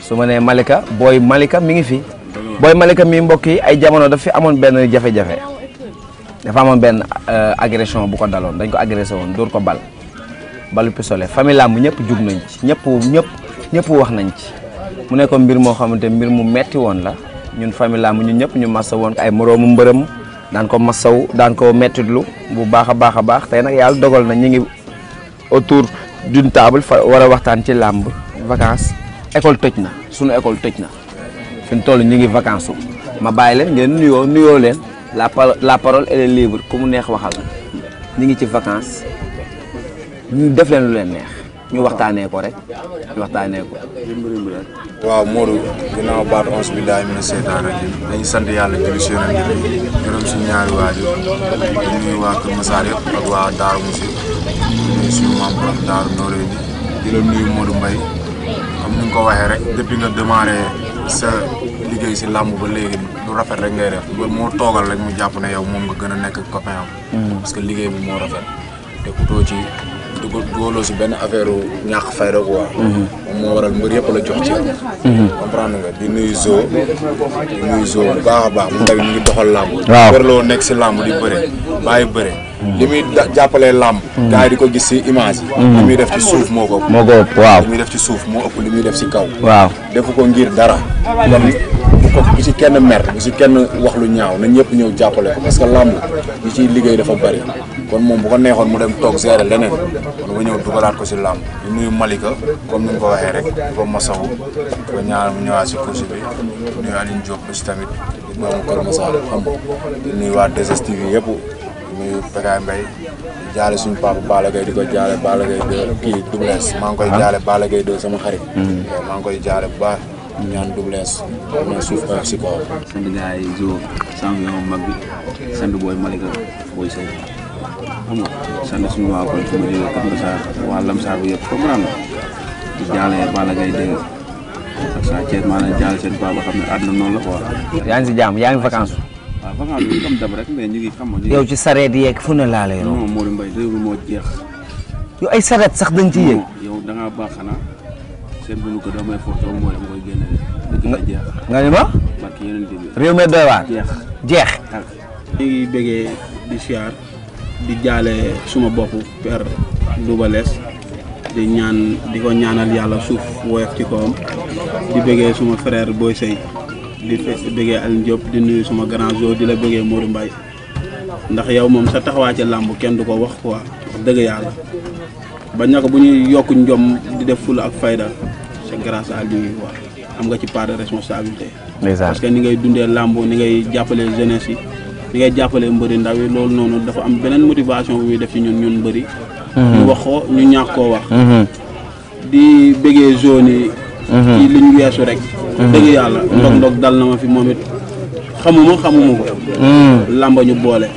su ma nee Malika booy Malika mi ngi fi booy Malika mi mbokk yi ay jamono daf fi amoon benn jafe-jafe dafa amoon benn euh, agression bu ko daloon dañ ko agressé woon dóor ko bal balu pistolet famille làmb ñëpp jug nañ ci ñëpp ñëpp ñëpp wax nañ ci mu nekkoon mbir moo xamante mbir mu metti woon la ñun famille làmb ñun ñëpp ñu massa woon ay moroomu mbërëm daan ko massaw daan ko mettitlu bu baax a baax a baax tey nag yàlla dogal na ñu ngi autour d'une table fa war a waxtaan ci làmb vacances école tëj na sunu école tëj na fi mu toll ñu ngi vacances ma bàyyi leen ngeen nuyoo nuyoo leen la la parole elle est libre ku mu neex waxal ñu ngi ci vacances ñu def leen lu leen neex ñu waxtaanee ko rek ñu waxtaanee ko. waaw Modou ginnaaw baat onze billahi mina seytaan rajim dañu sant yàlla julli si yonent bi gërëm suñu ñaari waajur di waa Kër Massar yëpp ak waa Daaru Moussi di nuyu suñu membre Daaru Noreyni di la nuyu Modou Mbaye comme ni nga ko waxee rek depuis nga démarré sa liggéey si làmb ba léegi lu rafet rek ngay def ba moo toogal rek mu jàpp ne yow moom nga gën a nekk copain am. Mm. parce que liggéey bi moo rafet te ku too ci du góoloo si benn affaire ñàkk fayda quoi. Mm-hmm. moom moo waral mbër yëpp la jox ci yow. Mm-hmm. nga di nuyu zoo di nuyu zoo bu baax a baax. mu ngi doxal làmb. waaw loo nekk si làmb di bëre bàyyi bëre. li muy jàppalee làmb mm. gars di ko gis si image yi mm. li muy def ci suuf moo ko moo ko ëpp waaw li muy def ci suuf moo ëpp li muy def ci kaw waaw defu ko ngir dara ko bu ci kenn mer bu ci kenn wax lu ñaaw na ñëpp ñëw jàppale ko parce que làmb ñi ciy liggéey dafa bari kon moom bu ko neexoon mu dem toog gérer leneen kon ba ko ci làmb di nuyu Malika ko waxee rek di ko masawu di ko ñaanal mu ñëwaat ci course bi di nuyu Aline Diop aussi tamit di doomu Kër Massar xam nga di waa 2STV nuyu Pekaay Mbaye di jaale suñu papa Balla Gaye di ko jaale Balla Gaye de kii Doubless maa ngi koy ah. jaale Balla Gaye de sama xarit hmm. eh, maa ngi koy jaale bu baax ñaan Doubless na suuf ak si kaw sant gars yi zo champion mag bi sant booy Malika booy Sow xam nga sant suñu waa koñ fu ma jógee Kër Massar waa Lamsar bi yëpp comprendre di jaale Balla Gaye de ak saa Thiès maa leen jaale seen papa xam ne àdduna noonu la quoi yaa ngi si jàmm yaa ngi vacances waaw vacances bi rek mais ñu ngi xam yow ci sareet yeeg fu ne laa lay yor. non Modou Mbaye moo jeex. yow ay sareet sax dañ ci yéeg. yow da ngaa baax xanaa seen ko damay foto moo dem koy génne nga ni ma. barke réew mi doy waar. jeex jeex. ñu bëggee di siyaar di jaale suma bopp Père Double Less di ñaan di ko ñaanal yàlla suuf woyof ci kawam di bëggee suma frère Boy Sey. di bëggee Alioune Diop di nuyu suma grand jo di la bëggee Modou Mbaye ndax yow moom sa taxawaa ci làmb kenn du ko wax ko dëgg yàlla ba ñàkk bu ñuy yokk njom di def fula ak fayda c'est grâce à lui quoi am nga ci par de responsabilité. parce que ni ngay dundee làmb ni ngay jàppale jeunesse yi ni ngay jàppalee mbëri ndaw yi loolu noonu dafa am beneen motivation bu muy def ci ñun ñun mbëri. Mhm. ñu wax ko ñu ñaax koo wax. Mhm. di bëggee zone yi. Mhm. ci li ñu weesu rek. Mm-hmm. dëgg yàlla mm-hmm. ndog ndog dal na ma fi moom it xamuma xamuma ko mm-hmm. làmba ñu boole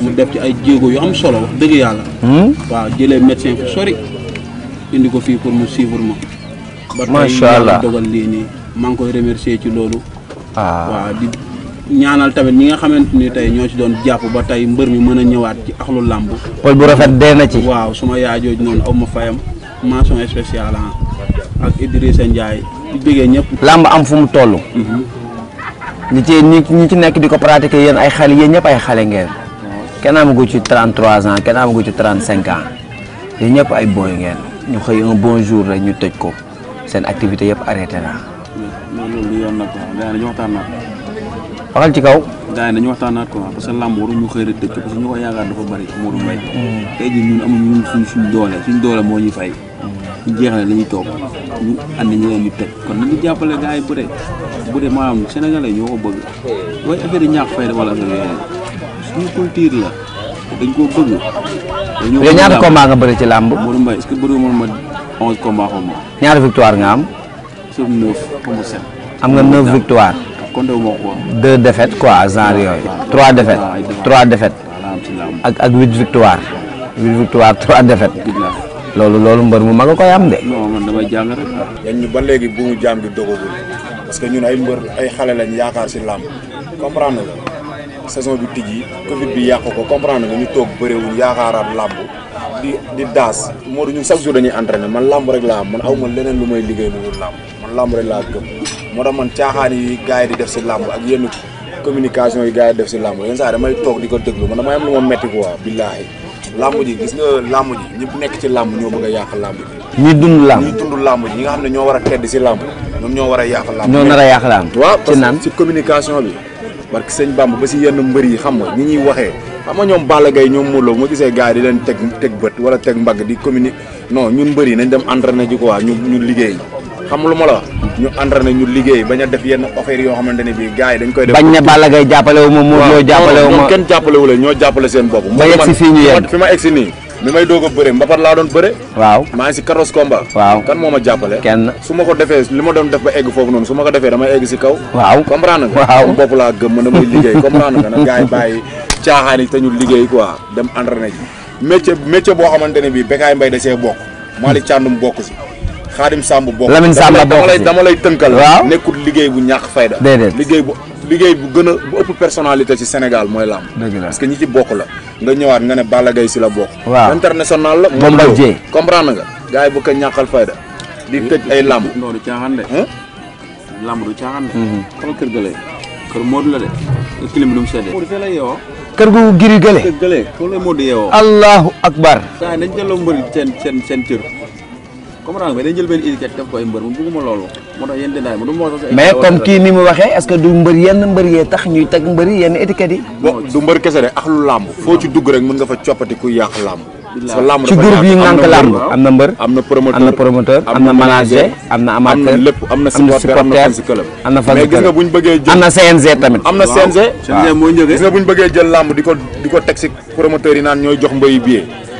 mu def ci ay jéego yu am solo dëgg yàlla waa jëlee médecin fu sori indi ko fii pour mu suivre ma ba tey dogal lii nii maa ngi koy remercier ci loolu ah. waaw di ñaanal tamit ñi nga xamante ni tey ñoo ci doon jàpp ba tey mbër mi mën a ñëwaat ci axlu làmb pol bu rafet dee na ci waaw suma yaay jooju noonu aw ma fayam mention spéciale ah. ak Idrissa Ndiaye bëggee ñëpp. làmb am fu mu toll. ñi ci ñi ci nekk di ko pratiquer yéen ay xale yéen ñëpp ay xale ngeen. kenn amagu ci 33 ans kenn amagu ci 35 ans yéen ñëpp ay booy ngeen ñu xëy un bon rek ñu tëj ko seen activité yëpp arrêté naa. loolu yoon nag dañu waxtaan naa ko. waxal ci kaw. gars yi dañu waxtaan naa ko parce ñu xëy rek tëj ko parce ñu ko yaakaar dafa bari Modou Mbaye. Mm. tey jii ñun amuñu suñ suñ doole suñ doole moo ñuy fay. ñu jeexale nañu toog ñu andi ñeneen ñu kon nañu jàppale gars yi bu dee bu dee maanaam ñoo ko bëgg waaye affaire yi ñaax fay wala la dañ koo bëgg. dañoo bëgg ñaata combat nga ci làmb. Modou Mbaye est-ce que bëri woon ma onze combat nga am. sauf neuf xaw ma sept. am nga victoire. kon de moo ko. deux défaites quoi genre yooyu. trois défaites trois défaites. ak ak huit victoire. huit victoire trois défaites. loolu loolu mbër mu mag a koy am de. non man damay jàng rek. yan ñu ba léegi bu mu jaam bi dogagul parce que ñun ay mbër ay xale lañ yaakaar si làmb comprendre nga saison bi tijji Covid bi yàq ko comprendre nga ñu toog bëriwul yaakaaraat làmb di di daas moo ñun chaque jour dañuy entraîné man làmb rek laa am man aw ma leneen lu may liggéey lu dul làmb man làmb rek laa gëm moo tax man caaxaan yi gars yi di def si làmb ak yenn communication yi gars yi def si làmb yenn saa damay toog di ko déglu man damay am lu ma metti làmb ji gis nga làmb ji ñi nekk ci làmb ñoo bëgg a yàq làmb ji. ñi dund làmb ñi dund làmb ji ñi nga xam ne ñoo war a tedd si làmb ñoom ñoo war a yàq làmb. ñoo nar a yàq làmb. waaw parce que si communication bi. barke sëñ Bamba ba si yenn mbër yi xam nga ñi ñuy waxee xam nga ñoom Balla Gaye ñoom Modou Lo bu ma gisee gars yi di leen teg teg bët wala teg mbagg di communique non ñun mbër yi nañ dem entraîné ji quoi ñu ñu liggéey xam lu ma la ñu entraîné ñu liggéey bañ a def yenn affaire yoo xamante ne bii gars yi dañ koy def bañ na Balla Gaye jàppalewu ma moo ñoo jàppalewu ma kenn jàppalewu jàppale seen ma egg si nii mi may doog a bëre mbapat moo ma jàppale kenn su ma ko defee li ma doon def ba egg foofu noonu su ma ko defee damay egg si kaw waaw comprendre nga waaw bopp laa gëm man damay liggéey comprendre nga nag gars bàyyi caaxaan te ñu liggéey quoi dem entraîné ji métier métier boo xamante ne bii Bécaye Mbaye da see bokk Malick Thiandoum bokk si xaadim Samb bokk Lamine Samb bokk dama lay tënkal. waaw nekkul liggéey bu ñàkk fayda. liggéey bu liggéey bu a bu ëpp personnalité ci Sénégal mooy lamb. dëgg la parce que ñi ci bokk la. nga ñëwaat nga ne Balla Gaye si la bokk. waaw international la. Bombardier comprendre nga. gars yi bu ko ñàkkal fayda. di tëj ay lamb. non du caaxaan de. lamb du caaxaan de. Mhm. xool kër gële kër Modou la de. clim bi nu mu seddee. Modou fee la yeewoo. kër gu giri gële. kër gële allahu akbar. seen comprendre nga dañ jël benn étiquette def ko ay mbër mu bëgguma loolu moo tax yéen dinaa ma du ma wax sax mais comme kii ni mu waxee est du mbër yenn mbër yee tax ñuy teg mbër yenn étiquettes yi du mbër kese de ak làmb foo ci dugg rek mën nga fa coppati kuy yàq làmb parce que làmb ci groupe yi ngànk làmb am na mbër am na promoteur am na manager am na amateur am na supporter am na fan club am na fan club mais gis nga buñ bëggee jël am na CNG tamit am na CNG gis nga buñ bëggee jël làmb di ko di ko teg si promoteurs yi naan ñooy jox mbër yi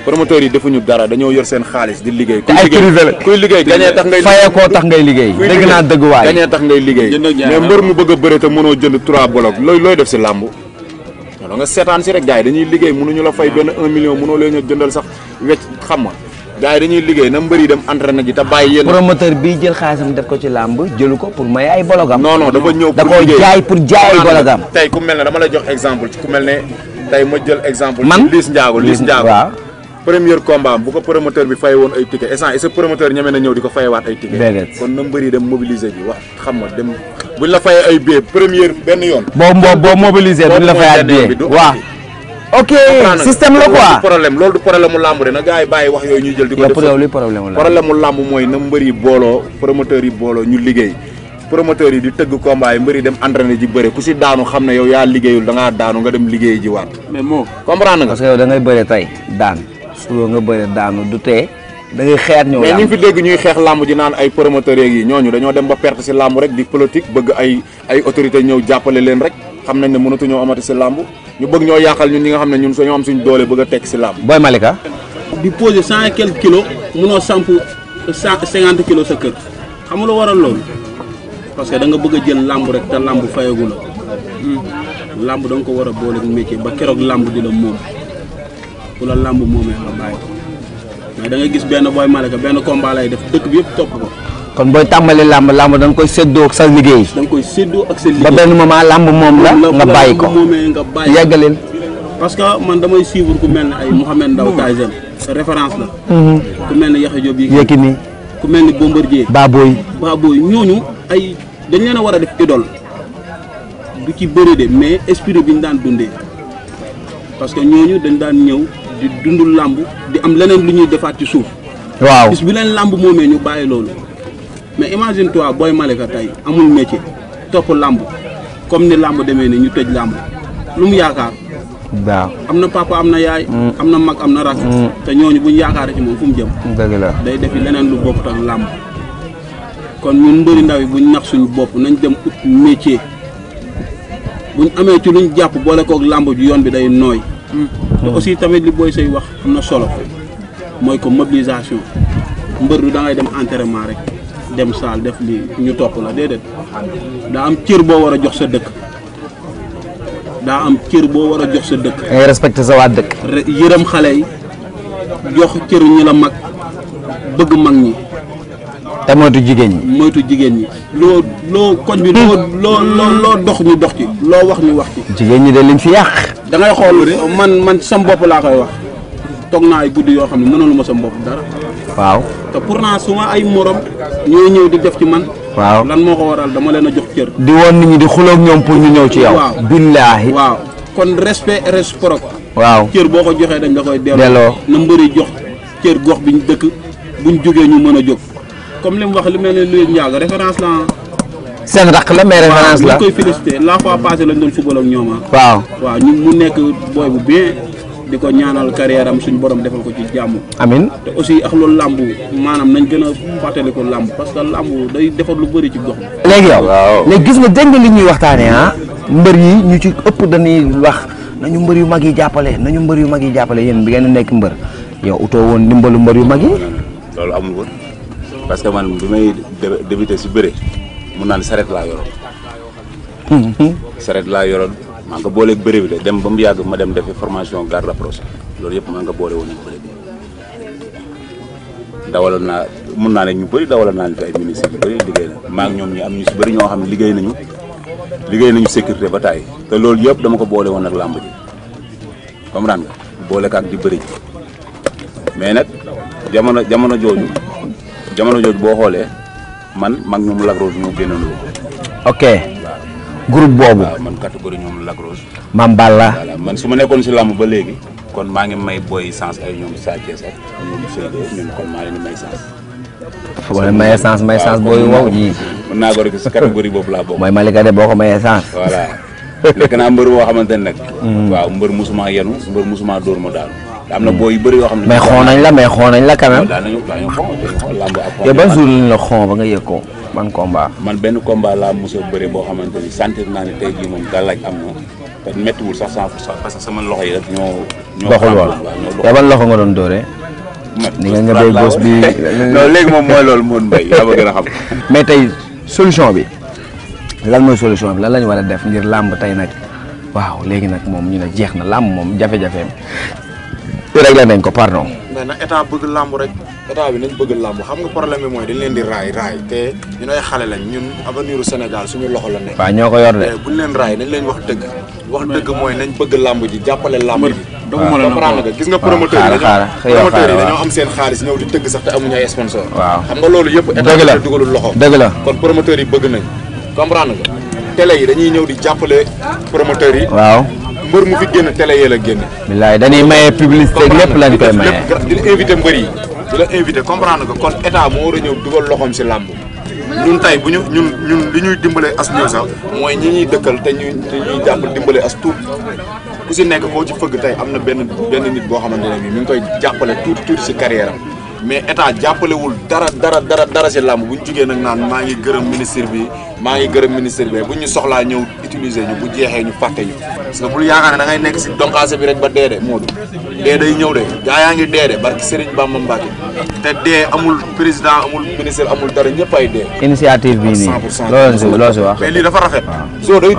promoteurs yi defuñu dara dañoo yor seen xaalis di liggéey. te ay privé la kuy liggéey gañee tax ngay fayee koo tax ngay liggéey. dëgg naa dëgg waay gañee tax ngay liggéey. mais mbër mu bëgg a bëre te mënoo jënd trois blocs looy looy def si làmb. wala nga seetaan si rek gars yi dañuy liggéey mënuñu la fay benn un million mënoo leen a jëndal sax wecc xam nga gars yi dañuy liggéey na mbëri dem entraîné ji te bàyyi yéen promoteur bi jël xaalisam def ko ci làmb jëlu ko pour may ay bologam non non dafa ñëw da ko jaay pour jaay bologam tey ku dama lay jox exemple ci ku mel ne tey ma jël exemple man Liss Ndiago Liss Ndiago premier combat bu ko promoteur bi fay woon ay ticket instant est promoteur ñeme na ñëw di ko fayewaat ay ticket kon na mbëri dem mobiliser ji wax xam nga dem buñ la fayee ay benn yoon boo boo mobiliser duñ la fayaat billet waaw ok système la quoi problème loolu du problème mu làmb de na gars yi bàyyi wax yooyu ñuy jël di ko def problème mu làmb mooy yi booloo promoteur yi booloo ñu liggéey promoteur yi di tëgg combat yi mbëri dem entraîné ji bëre ku si daanu xam ne yow yaa liggéeyul da daanu nga dem liggéey ji waat mais moo comprendre nga parce que tey daan xuloo nga bëri daanu da ngay xeex ñëw ñu fi dégg ñuy xeex làmb ji naan ay promoteurs yeeg ñooñu dañoo dem ba perte si rek di politique bëgg ay ay autorités ñëw jàppale leen rek xam nañ ne mënatu ñoo amati si làmb ñu ñoo yàqal ñun ñi nga xam ne ñun ñoo am suñ doole bëgg a teg si làmb Boy Malika di poser cent et quelques kilos mënoo samp cent cinquante kilos sa kër xam nga lu waral loolu parce que da nga bëgg a jël làmb rek te làmb fayagu la hmm. làmb da ko war a boole métier ba keroog làmb di la moom ku la làmb moomee da ngay gis benn Boy Malika benn combat lay def dëkk yëpp topp ko. kon booy tàmbali làmb nga koy séddoo ak da nga koy séddoo ak sa liggéey. ba benn moment làmb moom la nga bàyyi ko que man damay suivre ku mel ne ay Mouhamed Ndao mm. Tyson référence la. Mm-hmm. ku mel ne Yaxya Diop yi. Yékini ku mel ni Bombardier. Baboy ñoo ñu ay dañ leen a war a def idole bu ci bëri de mais esprit bi ñu daan dundee parce que ñooñu dañ daan ñëw. di dundul làmb di am leneen lu ñuy defaat ci suuf. waaw bis bi làmb moomee ñu bàyyi loolu. mais imagine toi Boy Malika tey amul métier topp làmb comme ni làmb demee ni ñu tëj làmb lu mu yaakaar. waaw am na papa am na yaay. Mm. am na mag am na rakk. Mm. te ñooñu buñ yaakaaree ci moom fu mu jëm. dëgg la day defi leneen lu bokkut ak làmb. kon ñun mbëri ndaw yi buñ nax suñu bopp nañ dem ut métier buñ amee ci luñ jàpp boole kook làmb ju yoon bi day nooy. Mm. te aussi tamit li booy say wax am na solo mooy ko mobilisation mbër du da dem entraînement rek dem saal def lii ñu topp la déedéet daa am cër boo war a jox sa dëkk daa am cër boo war a jox sa dëkk. ngay respecté sa waa dëkk. yërëm xale yi jox cër ñu la mag bëgg mag ñi. te moytu jigéen ñi. moytu jigéen ñi loo loo koñ bi loo loo loo dox ñu dox ci loo wax ñu wax ci. jigéen ñi de liñ fi yàq. da xool de man man sam bopp laa koy wax toog naa ay guddi yoo xam ne lu ma sam bopp dara. waaw te pourtant su ma ay moroom ñooy ñëw di def ci man. waaw lan moo ko waral dama leen a jox cër. di woon nit ñi di xuloog ñoom pour ñu ñëw ci yow. waaw billaahi. waaw kon respect réciproque. waaw cër boo ko joxee dañ la koy. delloo na mbëri jox cër gox bi ñu dëkk bu jógee ñu mën a jóg. comme li mu wax lu mel ne Louga Ndiago référence la seen raq la mais référence la waaw koy félicité la fois ah. waaw waaw ñu mu nekk booy bu bien di ko ñaanal carrière am suñu borom defal ko ci jàmm. amin te aussi ak loolu làmb maanaam nañ gën a fàttali ko làmb parce que làmb day defar lu bëri ci gox bi. léegi yow léegi gis nga dégg nga li ñuy waxtaanee ah? mbër yi ñu ci ëpp dañuy wax nañu mbër yu mag yi jàppale nañu mbër yu mag yi jàppale yéen bi a nekk mbër yow utoo woon ndimbalu mbër yu mag yi. loolu amul parce que man bi may débuté si bëre mun naa ne saret laa yoroon. Mhm. saret laa yoroon maa nga boole bëre bi de dem ba mu yàgg ma dem defi formation garde rapproché loolu yëpp maa nga boole woon ak bëre bi dawaloon naa mun naa ne ñu bëri dawaloon naa ne fi ay ministre yu liggéey na maa ngi ñoom ñu am ñu si bëri ñoo xam ne liggéey nañu liggéey nañu sécurité ba tàyyi te loolu yëpp dama ko boole woon ak làmb ji comprendre nga boole kaak di bëri ji mais nag jamono jamono jamono jooju boo xoolee man mag ñoom Lac Rose ñoo génnoon ok groupe boobu. waaw man catégorie ñoom Lac Rose. maam Balla. voilà man su ma nekkoon si làmb ba léegi. kon maa ngi may booy sens ay ñoom Sa Thiès ak ñoom Seydou ñun kon maa ngi may sens. wala maye sens may sens booy naa ko rek si boobu laa bokk. mooy Malika de boo ko mayee sens. voilà nekk naa mbër boo xamante ne nag. Mm. waaw mbër musuma yenu mbër musuma dóor ma daal. am na boo yu bëri yoo xam ne. mais xon nañ la mais xon nañ la quand même. daan nañu ba nga yëg ko man combat. man benn combat laa mos a bëri boo xamante ni sentir naa ne tey jii moom gàllaaj am sax parce que sama loxo yi rek ñoo. ñoo doxul woon yow ban loxo ni nga ñëwee bi *laughs* léegi moom mooy loolu Modou Mbaye a xam. *laughs* mais tey solution bi lan mooy solution bi lan la ñu war a def ngir làmb tey nag waaw léegi nag moom ñu ne jeex na làmb moom jafe-jafeem la nañ ko pardon. na état bëgg làmb rek état bi nañ bëgg làmb xam nga problème bi mooy dañ leen di raay raay te ñun ay xale lañ ñun avenir u Sénégal suñu loxo la nekk. waaw ñoo ko yor de. bu ñu leen raay nañ leen wax dëgg. wax dëgg mooy nañ bëgg làmb ji jàppale làmb ji. waaw comprendre nga gis nga promoteur yi promoteur yi dañoo am seen xaalis ñëw di dëgg sax te amuñu ay sponsor waaw xam nga loolu yëpp état bi dugalul loxo dëgg la kon promoteur yi bëgg nañ comprendre nga télé yi dañuy ñëw di jàppale promoteurs yi waaw mbër mu fi génn télé yee la génne. bilaay dañuy maye publicité lépp lañ koy maye. di invité mbër yi di invité comprendre que kon état moo war a ñëw dugal loxoom si làmb. ñun tey bu ñu ñun ñun li ñuy dimbale as ñëw sax mooy ñi ñuy dëkkal te ñuy te ñuy jàpp dimbalee as tuut ku si nekk koo ci fëgg tey am na benn benn nit boo xamante ne bii mi ngi koy jàppale tuut tuut si carrière mais état jàppalewul dara dara dara dara si làmb bu ñu jugee nag naan maa ngi gërëm ministre bi maa ngi gërëm ministre bi bu ñu soxlaa ñëw utiliser ñu bu jeexee ñu fàtte ñu parce que bul yaakaar ne da nekk si donkaase bi rek ba dee de day ñëw de gaa yaa ngi dee de barki Serigne Bamba Mbacke te dee amul président amul ministre amul dara ñëpp ay dee. initiative bii nii loolu si loolu si wax. mais lii dafa rafet. so day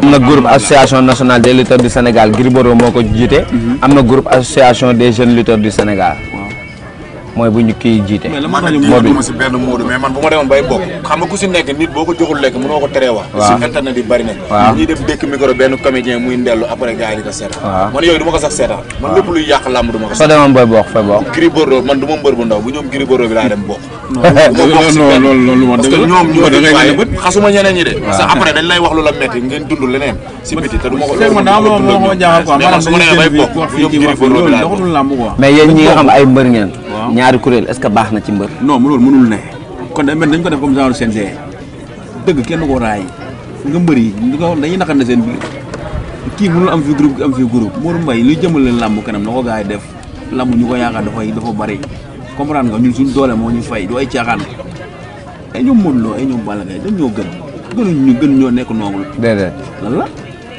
am na groupe association nationale des lutteurs du Sénégal Gris Bordeaux moo ko jiite. Mhm. am na groupe association des jeunes lutteurs Sénégal. mooy bu ñu kii jiite. Modou mais si benn Modou mais man bu ma demoon bay bokk. xam ku si nekk nit boo ko joxul lekk mënoo ko teree wax. si internet na. di ko seetaan. waaw dem bokk. non *laughs* non non loolu moom dëgg xasuma ñeneen ñi de. parce que après lay wax lu la metti ngeen dund leneen si biti te du ma ko loolu ma ko dund ak ñoom mais yéen ñi xam ay mbër ngeen ñaari kuréel est-ce que baax na ci mbër. non loolu mënul ne kon dañ mel dañ ko def comme genre CNG dëgg kenn ko raay nga mbër yi dañuy naqar ne seen biir kii mënul am fi groupe am fi yi Modou Mbaye luy jëmale làmb kanam na ko gars yi def làmb ñu ko yaakaar dafay dafa bari comprendre nga ñun suñ doole moo ñu fay du ay caaxaan ay ñoom Modou Lo ay ñoom Balla Gaye dañ ñoo gën gënuñ ñu gën ñoo nekk noogul. déedéet lan la.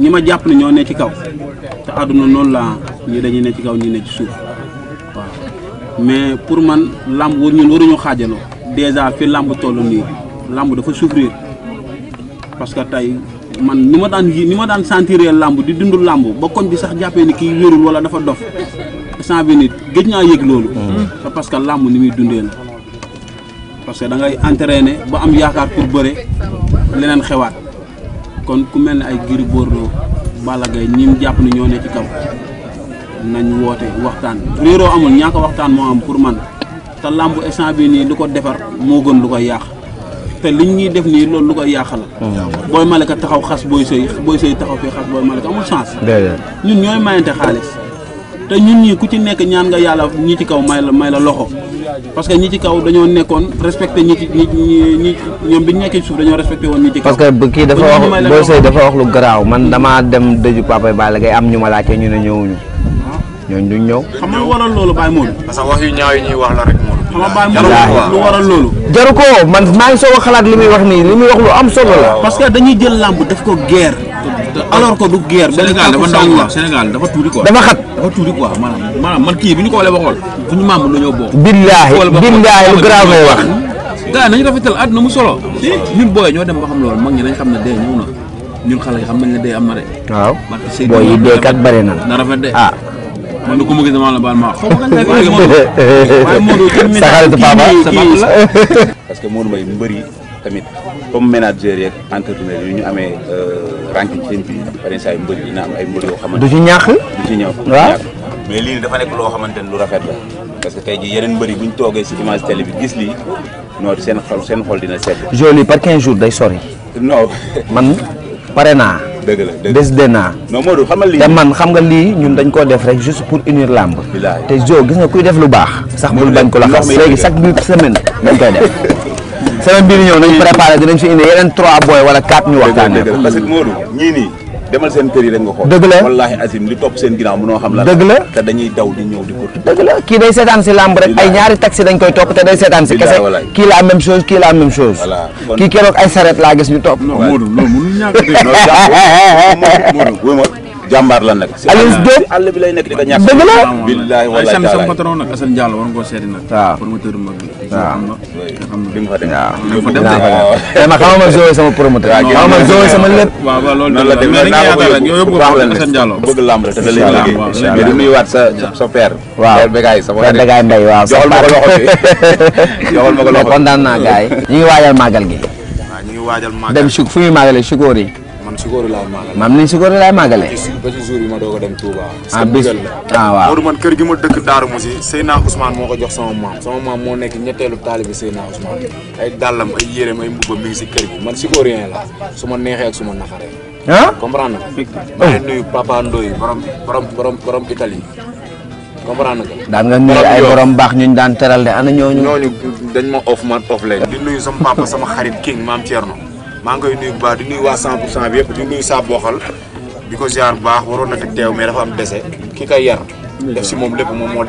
ñi ma jàpp ne ñoo ne ci kaw te àdduna noonu la ñi dañuy ne ci kaw ñu ne ci suuf waaw mais pour man làmb war ñun waruñu xaajaloo déjà fi làmb toll nii làmb dafa souffrir parce que tey man ni ma daan ni ma daan sentiree làmb di dund làmb ba koñ bi sax jàppee ni kii wérul wala dafa dof cent vingt nit gëj naa yëg loolu mm-hmm. c'est parce que làmb ni muy dundee la parce que da ngay entraîné ba am yaakaar pour bëre leneen xewaat kon ku mel ne ay Gris Bordeaux Balla Gaye ñi jàpp ne ñoo ne ci kaw nañ woote waxtaan réeroo amul ñàkk waxtaan moo am pour man te làmb instant bi nii lu ko defar moo gën lu koy yàq te liñ ñuy def nii loolu lu ko yàq la mm. booy malaka taxaw xas booy sëy booy sëy taxaw fii xas booy malaka amul chance ñun ñooy mayante xaalis te ñun ñii ku ci nekk ñaan nga yàlla ñi ci kaw may la may la loxo parce que ñi ci kaw dañoo nekkoon respecté ñi ci ñi ñi ñoom bi ñu nekkee ci suuf dañoo respecté woon ñi ci kaw. parce que kii dafa wax boo sëy dafa wax lu garaaw man damaa dem dëju papa Balla Gaye am ñu ma laajte ñu ne ñëwuñu ah. ñooñu duñ ñëw. xam nga waral loolu Baye Modou. parce que wax yu ñaaw yi ñuy wax la rek moom. xam nga lu waral loolu. jaru ko man maa ngi soog a xalaat li muy wax nii li muy wax lu am solo la. parce que dañuy jël làmb def ko guerre. alors que du guerre. Sénégal dafa ndaw quoi Sénégal xat man kii bi ñu ko ba xool fu ñu maam dañoo bokk. billaahi billaahi lu grave lay wax. gars yi nañu rafetal àdduna mu solo. ñun booy ñoo dem ba xam loolu mag ñi nañ xam ne dee ñëw na ñun xale yi xam nañ ne dee am na de. waaw booy yi dee kat bare na. na ah. ma gis damaa la baal maa xaw ma kan *laughs* waaye Modou. sa xarit Papa sa parce *laughs* que Modou Mbaye mbëri tamit comme manager yeeg entrepreneur yi ñu amee euh, ranking ci bi beneen saa yu mbër dina am ay mbër yoo xamante du ci ñàkk du ci ñëw waaw mais lii dafa nekk loo xamante ne lu rafet la parce que tey jii yeneen mbër yi bu ñu toogee si image télé bi gis lii non seen xol seen xol dina sedd joli par 15 jours day sori non man pare naa dëgg la dëgg des de naa. non Modou xam nga te man xam nga lii ñun dañ koo def rek juste pour unir làmb. te jo gis nga kuy def lu baax. sax bul bañ ko la xas léegi chaque semaine *laughs* semaine bii di ñëw nañ préparé dinañ fi indi yeneen trois boy wala quatre ñu waxtaanee ko parce que Modou xam la dëgg la te dañuy daw di ñëw di ko dëgg la kii day seetaan si lamb rek ay ñaari taxi dañ koy topp te day seetaan si kese kii la même chose kii la même chose kii keroog ay saret laa gis ñu topp *laughs* jàmbaar la nag. Alioune Diop àll bi lay nekk di ko ñàkk. dëgg la billaahi wallaahi taala sama patron nag Assane Diallo war nga koo seeti nag. waaw promoteur mag bi. waaw di nga fa dem waaw di nga fa dem. waaw xamal ma Zoé sama promoteur. waaw xamal ma Zoé sama lépp. waaw waaw loolu dëgg la mais li nga yaakaar rek yow yëpp ko Assane Diallo. bëgg lamb la te da lay liggéey. incha allah di nuyuwaat sa sa père. waaw père Begaay sama père Begaay Ndeye waaw. joxal ma ko loxo bi joxal ma ko loxo bi *laughs* kontaan naa gars yi. ñu ngi waajal màggal gi. waaw ñu ngi waajal màggal dem fu ñuy màggalee sukóor yi Sikoro laa maagale. maam ni Sikoro laay maagale. ba ci jour bi ma doog a dem Touba. ah bis ah waaw Modou man kër ma dëkk Darou Moussi Seyna moo ko jox sama maam sama maam moo nekk ñetteelu taalibi Seyna Ousmane ay dàllam ay yéreem ay mbubbam si kër gi man Sikorien la su ma neexee ak su ma naxaree. ah comprendre nga. ma leen oh. nuyu Papa Ndoye borom borom borom daan nga ay borom baax ñu daan teral de ana ñooñu. ñooñu dañ ma off *laughs* sama papa sama xarit King maam Thierno. maa ngi koy baax di nuyu waa na fi teew mais dafa am si moom lépp moom moo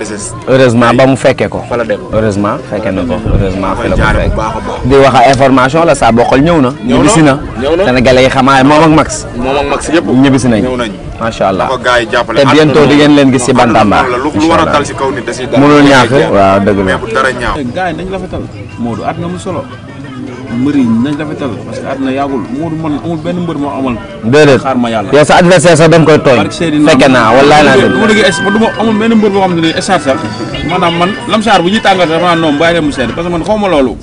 ba mu fekkee ko. fa la dem heureusement fekkee na ko la ko fekk di information la saa bokkal ñëw na. ñëw na ñibbisi na. ñëw na Sénégalais yi xamaa moom ak Max. moom ak Max yëpp ñibbisi nañ. ñëw macha allah ko gars yi te bientôt di ngeen leen gis si Bantamba. lu war a waaw dëgg la. mbër yi nañ rafetal parce que na yàggul Modou man amul benn mbër moo amal. déedéet xaar sa adversaire sax da koy tooñ. fekke naa wallaahi naa dégg. bu ma déggee man du ma amul benn mbër boo xam ne nii écharge sax maanaam man lamsaar bu ñuy tàngal sax maanaam noonu bàyyi leen mu sedd parce man xaw loolu.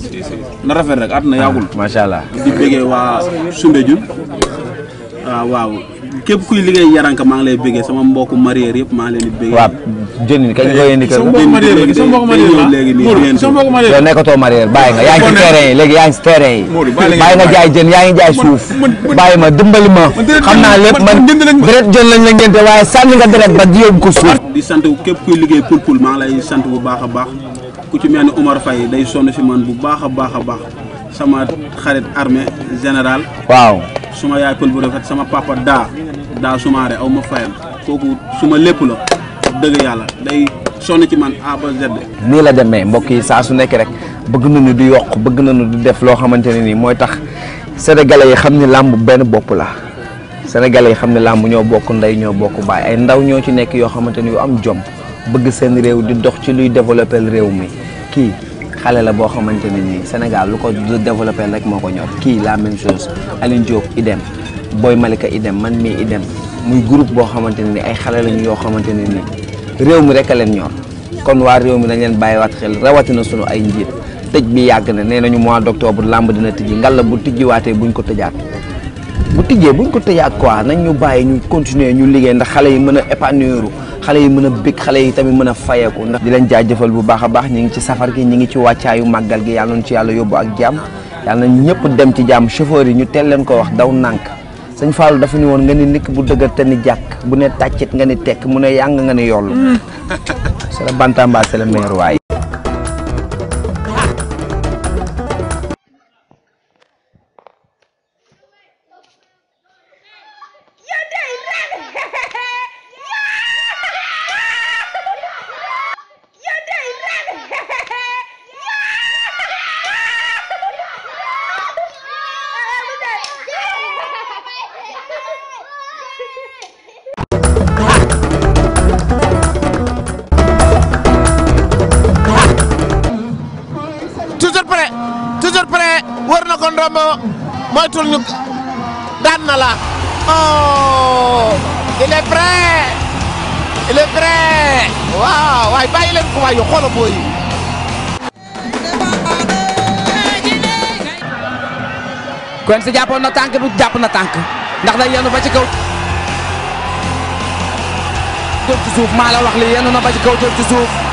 na rafet rek àdduna yàggul. macha allah di bëggee waa Soumbédioune ah, waaw waaw. képp kuy liggéey yaranka maa ngi lay bëggee sama mbokku marier yëpp maa ngi leen di bëggee. waaw jën yi kañ koy indi kër ga. léegi nii sama mbokku marier yow nekkatoo marier bàyyi nga yaa ngi ci terrain yi léegi yaa ngi ci yi. bàyyi nga jaay jën yaa ngi jaay suuf bàyyi ma dimbali ma xam naa lépp man deret jën lañ la ngénte waaye sànni nga deret ba di yóbbu ko suuf. di sant képp kuy liggéey pul pul maa ngi lay sant bu baax a baax ku ci mel ni Omar Faye day sonn si man bu baax a baax a baax sama xarit armée général. waaw suma yaay pël bu rafet sama papa daa daa sumaare aw ma fayam kooku suma lépp la dëgg yàlla day sonn ci man A ba nii la demee mbokk yi saa su nekkee rek bëgg nañu di yokk bëgg nañu di def loo xamante ne nii mooy tax sénégalais yi xam ni làmb benn bopp la. sénégalais yi xam ne làmb ñoo bokk ndey ñoo bokk baay ay ndaw ñoo ci nekk yoo xamante ni yu am jomb bëgg seen réew di dox ci luy développer réew mi kii xale la boo xamante ne nii Sénégal lu ko du développé rek moo ko ñor kii la même chose Aline Diop idem Boy Malika idem man mii idem muy groupe boo xamante ne nii ay xale lañu yoo xamante ne nii réew mi rek a leen ñor kon waa réew mi nañ leen bàyyi bàyyiwaat xel rawatina sunu ay njiit tëj bi yàgg na nee nañu mois d'octobre làmb dina tëj tijji ngalla bu tijjiwaatee buñ ko tëjaat bu tijjee buñ ko tëjaat quoi nañ ñu bàyyi ñu continuer ñu liggéey ndax xale yi mën a épanouir xale yi mën a bég xale yi tamit mën a fayeeku ndax di leen jaajëfal bu baax a baax ñi ngi ci safar gi ñi ngi ci wàccaayu màggal gi yàlla nañu ci yàlla yóbbu ak jàmm yàlla nañ ñëpp dem ci jàmm chauffeur yi ñu teel leen ko wax daw nànk sëñ Fallou dafa ni woon nga ni nikk bu dëgër te ni jàkk bu ne tàccit nga ni tekk mu ne yàng nga ni yollu mm. *laughs* c'est le bantamba c'est le meilleur waay kon Rambo moytul ñu daan na la oh, il est prêt il est prêt waaw waaye bàyyi leen ko waaye xoolal booy yi. kon si jàppoon na tànk bi jàpp na tànk ndax day yenu ba ci kaw. jël ci suuf maa wax li yenu na ba ci kaw jël suuf.